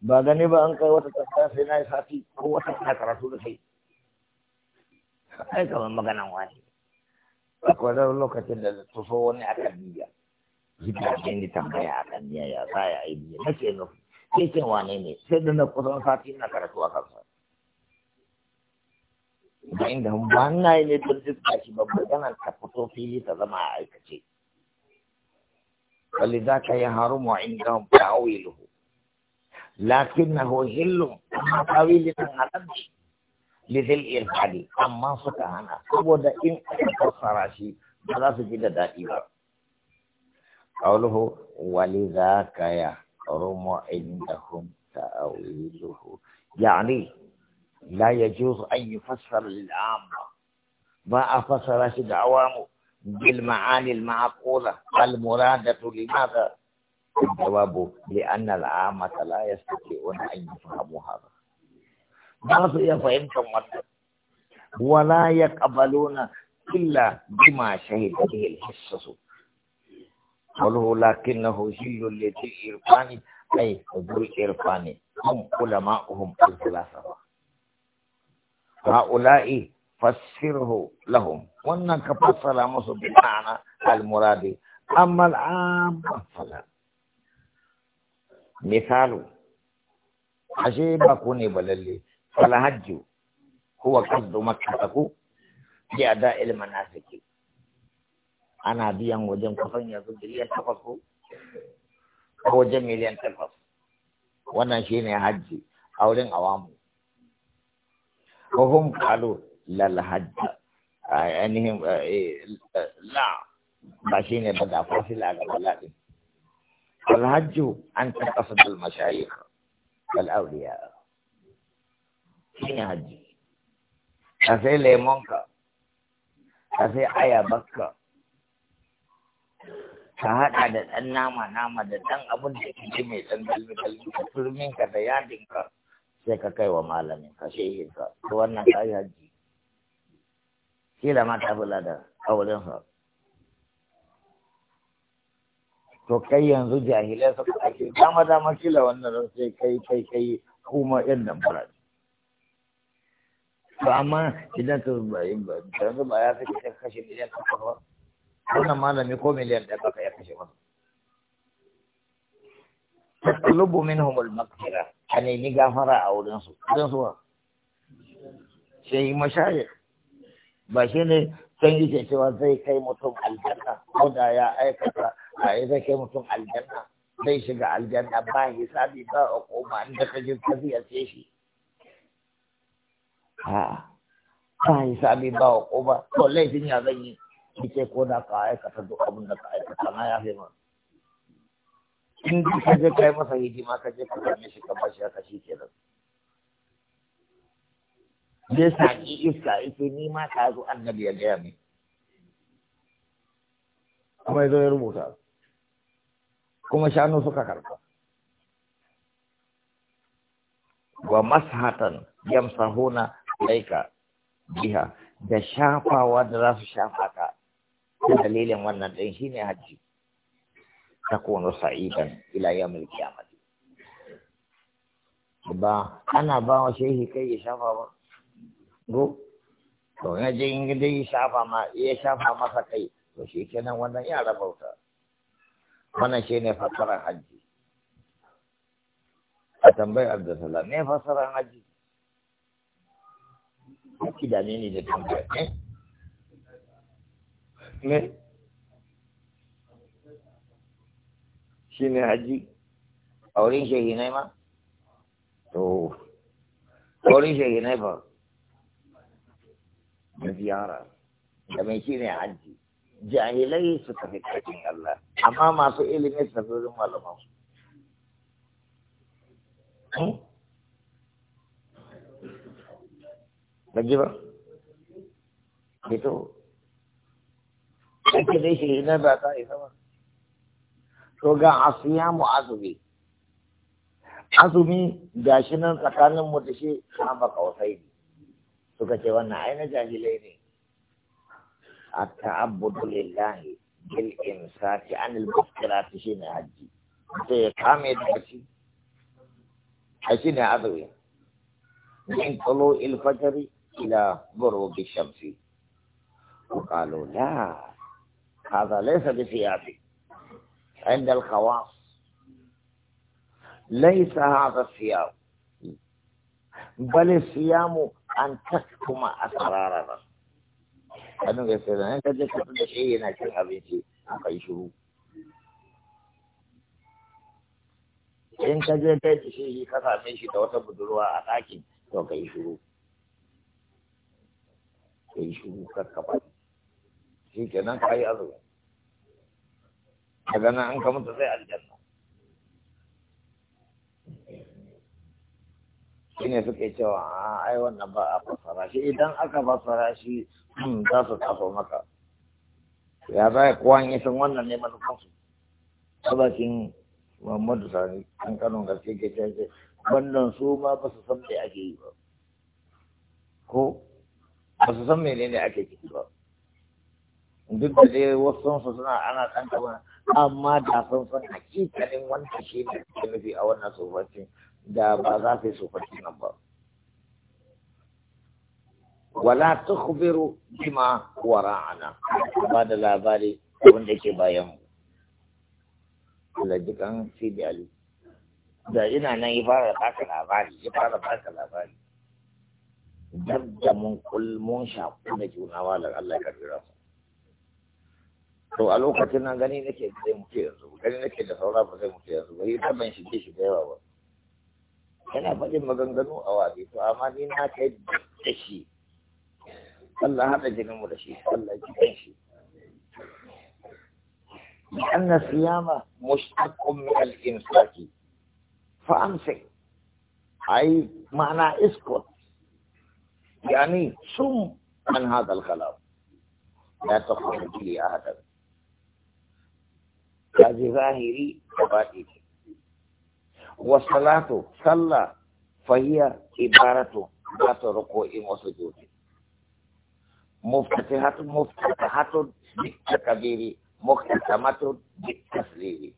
ba gani ba an kai wata tambaya sai na yi sati ko wata na karatu da kai ai kamar maganan wani akwai da lokacin da so wani a kan niyya gida ne ni tambaya a kan ya sa ya yi niyya nake nufi sai ce wane ne sai da na kusan sati na karatu a kansa ga inda ba na yi ne don jiska shi babba maganan ta fito fili ta zama a aikace wali ولذاك يهرم عندهم تأويله لكنه هل أما تأويل من هذا bizil irfadi amma suka hana saboda in aka fassara shi ba za su ji da daɗi ba qawluhu walidhaka ya rumu indahum ta'awiluhu yani la yajuz an yufassara lil amma ba a fassara shi da awamu bil ma'ani al ma'qula al muradatu limadha الجواب لأن العامة لا يستطيعون أن يفهموا هذا ba su iya fahimtar wannan wala ya ƙabaluna illa bima shahida bihi al-hissu قالوا لكنه جل للإرفان أي ذو الإرفان هم علماؤهم الفلاسفة هؤلاء فسره لهم وأنك فصل مصر بمعنى المراد أما العام فلا مثال عجيب كوني بللي Lallahajju, kowa kasduma kasafaku ki a da'ilima na saki, ana biyan wajen kafanya su biyar tafafku ko jamilanta fasof. Wannan shine hajji auren a wamu, ko kuma mu ƙaru lallahajja. A'a an yi huka ee la bashinin bada fosil a ga balaɗin, lallahajju an tafasa dalmashayi a wajen awuriyar. shi ne lemon ka sai lemonka ka sai ayabarka ka haɗa da ɗan nama nama da ɗan abin da ke mai ɗan galmi galmi ka turminka da yadinka sai ka kai wa malamin ka shehinka ta wannan ka yi hajji kila ma ta bula lada a wurinsa to kai yanzu jahilai suka ake dama dama kila wannan sai kai kai kai kuma yan damfara to amma idan ka yanzu ba ya fi ka kashe miliyan takwas ba wannan malami ko miliyan ɗaya ka ya kashe masa tatlubu minhum al-maghfira ane ni gafara a wurin su don su sai mashayikh ba shi ne san yake cewa zai kai mutum aljanna ko da ya aikata a yi zai kai mutum aljanna zai shiga aljanna ba hisabi ba a koma inda ka ji ka ce shi ha ba hisabi ba wa ba? to laifin ya zan yi ki ko da ka aikata duk abin da ka aikata na ya fi ma in ka je kai masa hidima ka je ka same shi ka bashi ka shi kenan zai saki iska ita ni ma ka zo annabi ya gaya min kuma ya ya rubuta kuma shanu suka karfa wa mashatan yamsahuna Ka biha da shafawa da za su shafa ka da dalilin wannan ɗin ne hajji takunu sa'idan mulki a qiyamah ba ana ba wa shehi kai ya shafa ba go to ya je in da shafa ma ya shafa masa kai to shi kenan wannan ya rabauta wannan shi ne fasarar hajji a tambayar da salam me fasarar hajji kuki da eh? ne ne da tambayar ne ne haji a wurin shehinai ma to wurin shehinai ba da ziyara da mai shi ne haji jahilai suka fi ƙarfin Allah amma masu ilimin sabirin malamansu eh? ji ba fito ake dai shi ina ba ta isa ba to ga asiya mu azumi azumi ga shi nan tsakanin mu da shi an ba kawasai ne suka ce wannan ai na jahilai ne a ta'abbudu lillahi bil imsaki anil muskirati shine hajji sai ya kame da shi a shine azumi min tulu il fajri إلى غروب الشمس وقالوا لا هذا ليس بثيابي عند الخواص ليس هذا الصيام بل الصيام أن تكتم أسرارنا أنا قلت له أنت ذكرت شيء هناك حبيبي أخي شو in ka je kai da shi ka أقيشه ka yi shiru kar ka faɗi shi kenan ka yi azumi daga nan an ka mutu sai aljanna shi ne suke cewa a ah, ai wannan ba a fassara shi idan aka fassara shi hmm, za su taso maka ya za kowa yi san wannan ne kansu? sabakin muhammadu sani an kano gaske ke ce wannan su ma ba su san da ake yi ba ko ba su san menene ake ciki ba duk da dai wasu sun suna ana ɗan kama amma da sun san hakikanin wanda shi ne ke nufi a wannan tsofaffin da ba za su yi tsofaffin nan ba wala ta jima bima wara'ana ba da labari wanda ke bayan mu Allah jikan Sidi Ali da ina nan ya fara baka labari ya fara baka labari dab da mun kulmun shafi da juna walar Allah ya karbi rasu to a lokacin nan gani nake da zai mutu yanzu gani nake da saura ba zai mutu yanzu ba ita ban shige shi da yawa ba yana faɗin maganganu a wabi to amma ni na kai da shi Allah haɗa jinin mu da shi Allah ya kan shi لأن الصيام مشتق من الإمساك فأمسك أي معنى اسكت يعني صم عن هذا الكلام لا تخرج لي أحدا هذه ظاهري وباطني والصلاة صلى فهي عبارة ذات ركوع وسجود مفتتحة مفتتحة بالتكبير مختتمة بالتسليم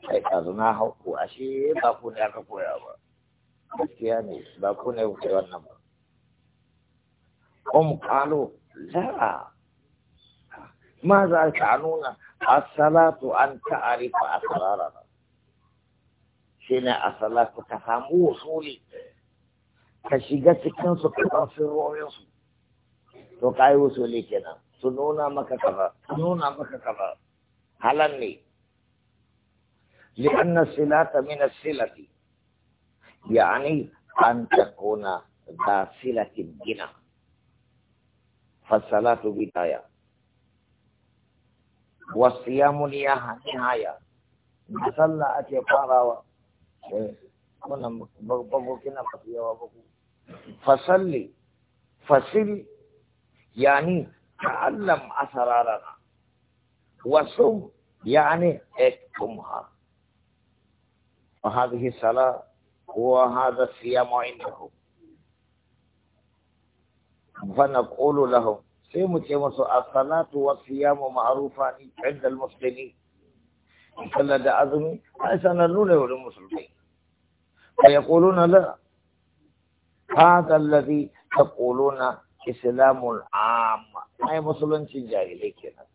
sai ka zo na hau ko ashe ba ku ne aka koya ba gaskiya ne ba ku ne kuka yi wannan ba هم قالوا لا ماذا تعنون الصلاة أن تعرف أسرارنا شنا الصلاة تفهموا وصولي كشيغة كنسو سكتان سرورين توقعي وصولي كنا سنونا su سنونا maka kaza su nuna لأن الصلاة من الصلة يعني أن تكون ذا صلة بنا فالصلاة بداية والصيام نهاية صلى أتي فارا كنا بابو كنا فصلي فصل يعني تعلم أسرارنا وصوم يعني اكتمها وهذه الصلاة وهذا الصيام عندهم fana kolo lahum sai mu ce masu asalatu wa siyamu ma'arufa ni inda al-muslimi kalla da azumi ai sana nuna wa musulmi fa yaquluna la hada alladhi taquluna islamul am ai musulunci jahilai kenan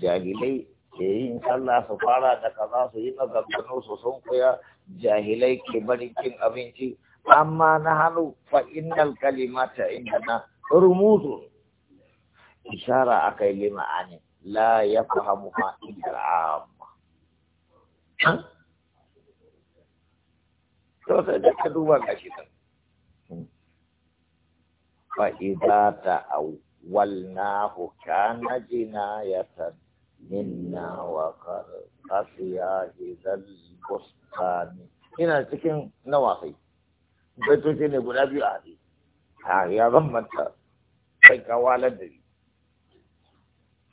jahilai ke yin sallah su fara da kaza su yi magabtano su sun kuya jahilai ke barikin abinci amma na hannu fa innal kalimata indana rumuzu ishara akai lima'ani la ya fahamu illa amma to sai da ka duba gashi nan hmm. fa idza ta'awwalnahu kana jinayatan minna wa qasiya idzal bustani ina cikin nawafil baitoci ne guda biyu a haɗe ha ya zan manta kai kawalar da ni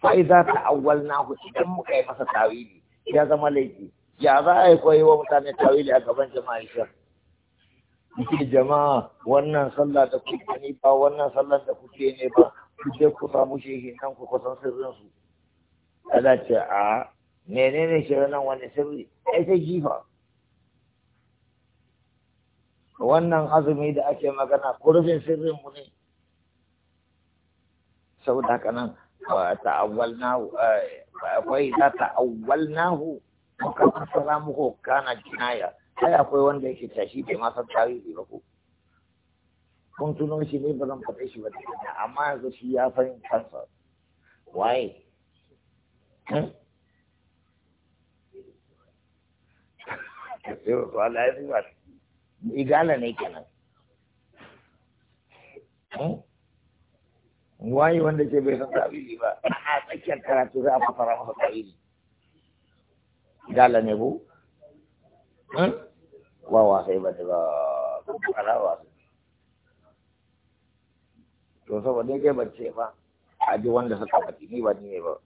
fa'iza ta awwal nahu idan muka yi masa tawili ya zama laifi ya za a yi koyi wa mutane tawili a gaban jama'a shi yake jama'a wannan sallah da kuke ne ba wannan sallah da kuke ne ba ku je ku samu shehi nan ku kusan sirrin su ana ce a menene shirin nan wani sirri ai sai jifa wannan azumi da ake magana kurbin sirrin mu ne saboda haka nan ta'awwalnahu eh, akwai za ta'awwalnahu muka fassara muku kana jinaya sai akwai wanda yake tashi bai ma san tarihi ba ko kun tuno shi ne ba zan faɗe shi ba amma yanzu shi ya san kansa waye hmm? Sai ba su ala igala ne kenan hmm? waye wanda ke bai san tawili ba a tsakiyar karatu za a fara masa tawili igala ne bu hmm? ba wasai ba daga kala ba, to saboda ne kai bace ba a ji wanda suka faɗi ni ba ne ba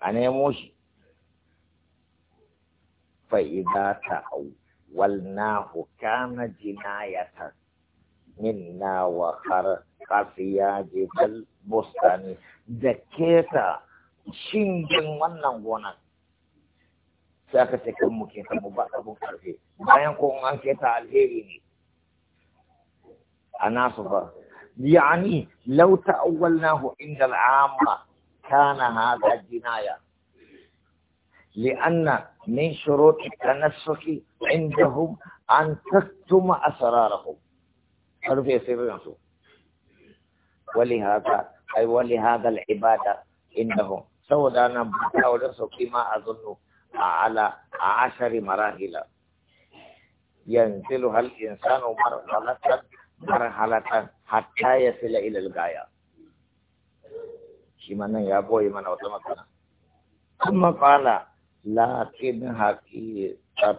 a nemo shi fa'ida ta'au ولناه كان جناية منا وخر قصيا جبل بستاني دكيتا shingen wannan gonar sai aka ce kan mu keta mu ba abun karfe bayan ko an keta alheri ne a nasu ba yani law ta'awwalnahu inda al'amma kana hadha jinaya لأن من شروط التنسك عندهم أن تكتم أسرارهم قالوا في ينسو ولهذا أي ولهذا العبادة عندهم سودا أنا بحاول ما أظن على عشر مراحل ينزلها الإنسان مرحلة مرحلة حتى يصل إلى الغاية شي يا بوي من أوتمتنا ثم قال lakin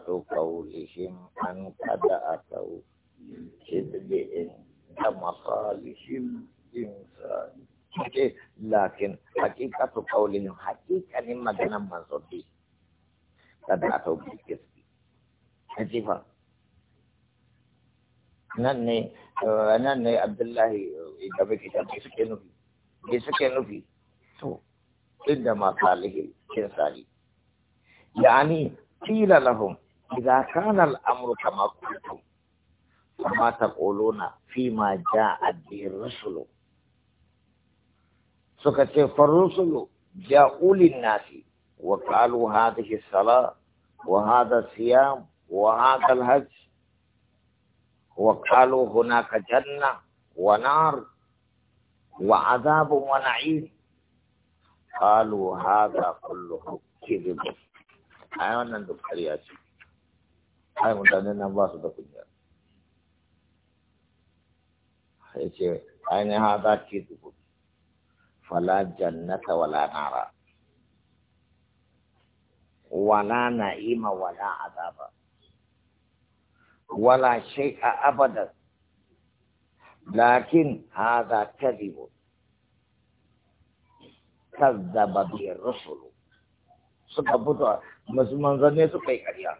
kau ƙaunishin an kada a kawo shidbin da masalishin jinsa ake lakin haƙiƙatu ƙaunishin haƙiƙanin maganan mazobi kada a kawo bikinsu a jifa nan ne nan eh, ne abdullahi gaba eh, kitan bai suke nufi bai suke nufi to inda masalishin jinsa ne يعني قيل لهم إذا كان الأمر كما قلتم فما تقولون فيما جاءت به الرسل سكت فالرسل جاءوا للناس وقالوا هذه الصلاة وهذا الصيام وهذا الحج وقالوا هناك جنة ونار وعذاب ونعيم قالوا هذا كله كذب ai wannan duk ƙarya ce ai mutanen nan ba su da kunya ya ce ai ne ha za ki fala jannata wala nara wala na'ima wala azaba wala shay'a abada. lakin hadha kadhib kazzaba bi rusul suka fito masu manzanni suka yi ƙarya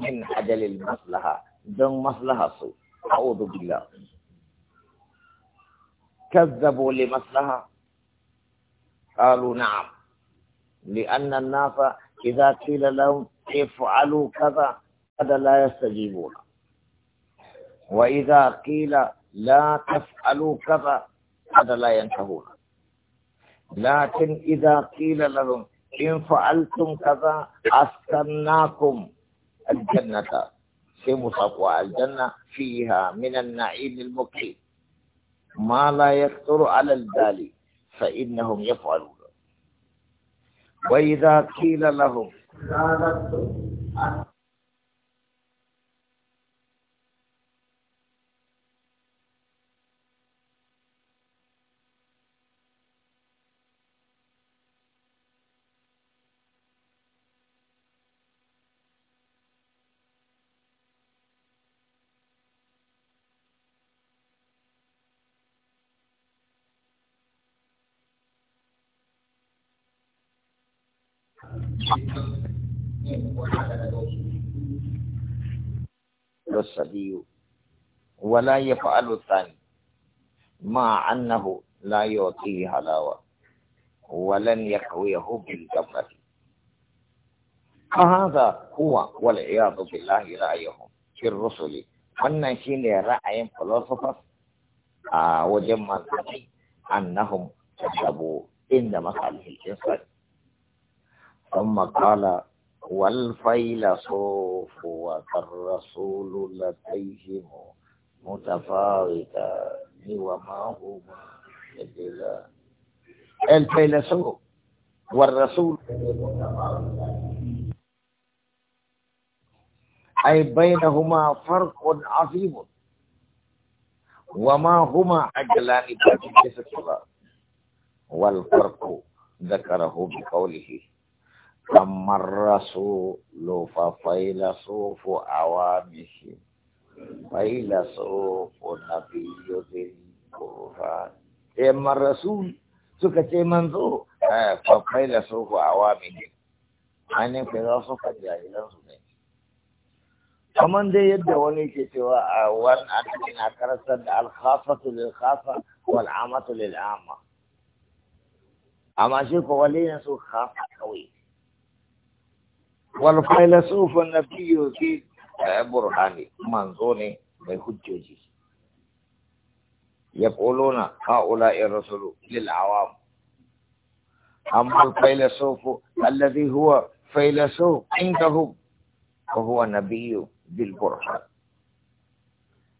min ajalil maslaha don maslaha su a'udhu billah kazzabu li maslaha qalu na'am لأن الناس إذا قيل لهم افعلوا كذا هذا لا يستجيبون وإذا قيل لا تفعلوا كذا هذا لا ينتهون لكن إذا قيل لهم ان فعلتم كذا اسكناكم الجنة في مصفوة الجنة فيها من النعيم المقيم ما لا يكثر على البال فإنهم يفعلون وإذا قيل لهم الصبي ولا يفعل الثاني ما أنه لا يعطيه حلاوة ولن يقويه بالجبرة فهذا هو والعياذ بالله رأيهم في الرسل أن شين رأي فلسفة آه، وجمع أنهم كذبوا إن مسأله الإنسان ثم قال والفيلسوف والرسول لديهم متفاوتان وما هما إلا الفيلسوف والرسول أي بينهما فرق عظيم وما هما عجلان بجنس الصلاة والفرق ذكره بقوله أما الرسول ففيلسوف عوامه فيلسوف نبي ذي القرآن أما الرسول سكتي منظور ففيلسوف عوامه ainihin filosofan jahilansu ne kamar dai yadda wani ke cewa a wani annabi na karantar da alkhasatu lil khasa wal amatu lil amma amma shi ko wali ne su khasa kawai والفيلسوف النبي في منظوني من بحجوجي يقولون هؤلاء الرسل للعوام أما الفيلسوف الذي هو فيلسوف عندهم فهو نبي بالبرهان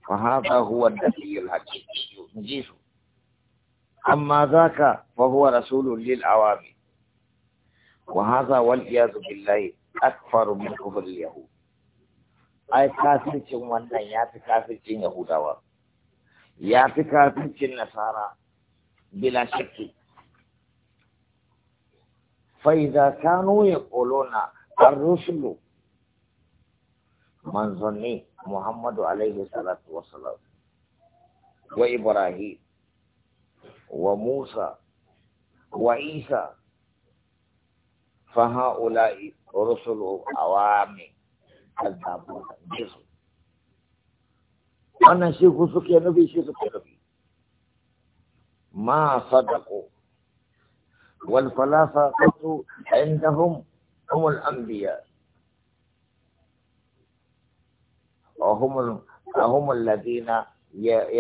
فهذا هو النبي الحقيقي نجيس أما ذاك فهو رسول للعوام وهذا والعياذ بالله akfar min kufar yahud ai kafircin wannan ya fi kafircin yahudawa ya fi kafircin nasara bila shakki fa idza kanu yaquluna ar-rusul manzoni muhammadu alaihi salatu wassalam wa ibrahim wa musa wa isa فهؤلاء رسل عوام الذابون جزم أنا شيخ سكي نبي شيخ سكي نبي ما صدقوا والفلاسة عندهم هم الأنبياء وهم هم الذين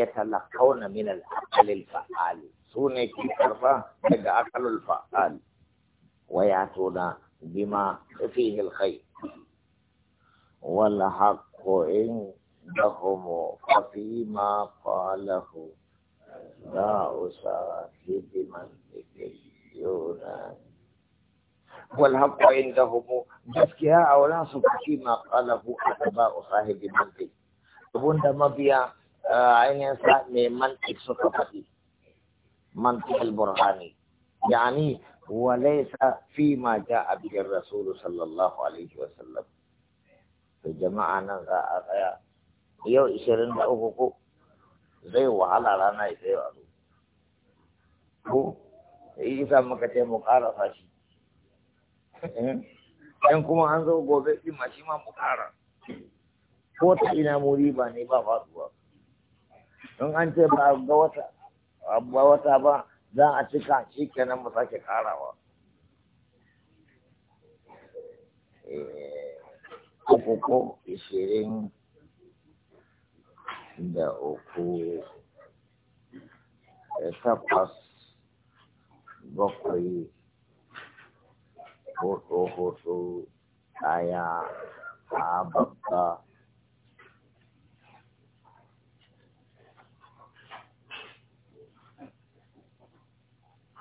يتلقون من العقل الفعال سونيكي الفا تجا عقل الفعال ويأتون بما فيه الخير والحق عندهم دخم فيما قاله لا أساهد من يكيون والحق عندهم مسكها أو لا فيما قاله أتباع صاحب آه، منطق تبون دم بيا عيني سأني منطق سكفتي منطق البرهاني يعني وليس ma ja a الرسول rasulu sallallahu alaihi وسلم to jama'a nan za a tsaya yau ishirin da uku ko zai wahala rana ya tsaye a zo ko yi isa muka ce mu ƙara fashi ɗan eh? kuma an zo gobe ɗin ma shi ma mu ƙara ko ta ina muri ba ne ba faɗuwa in an ce ba ga wata ba wata ba za a cika shi kenan mu sake karawa eh, uku ko ishirin da uku takwas bakwai hoto hudu ɗaya a babba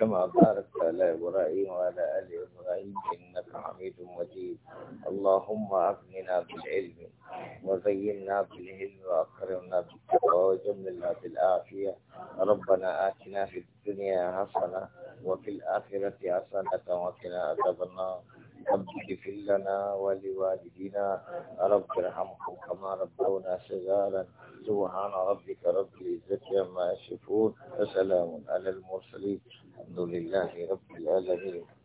كما باركت على إبراهيم وعلى آل إبراهيم إنك حميد مجيد اللهم أغننا بالعلم وزينا بالعلم وأكرمنا بالتقوى وجملنا بالعافية ربنا آتنا في الدنيا حسنة وفي الآخرة حسنة وقنا عذاب النار رب اغفر لنا ولوالدينا رب ارحمهم كما ربونا صغارا سبحان ربك رب العزة عما يصفون وسلام على المرسلين الحمد لله رب العالمين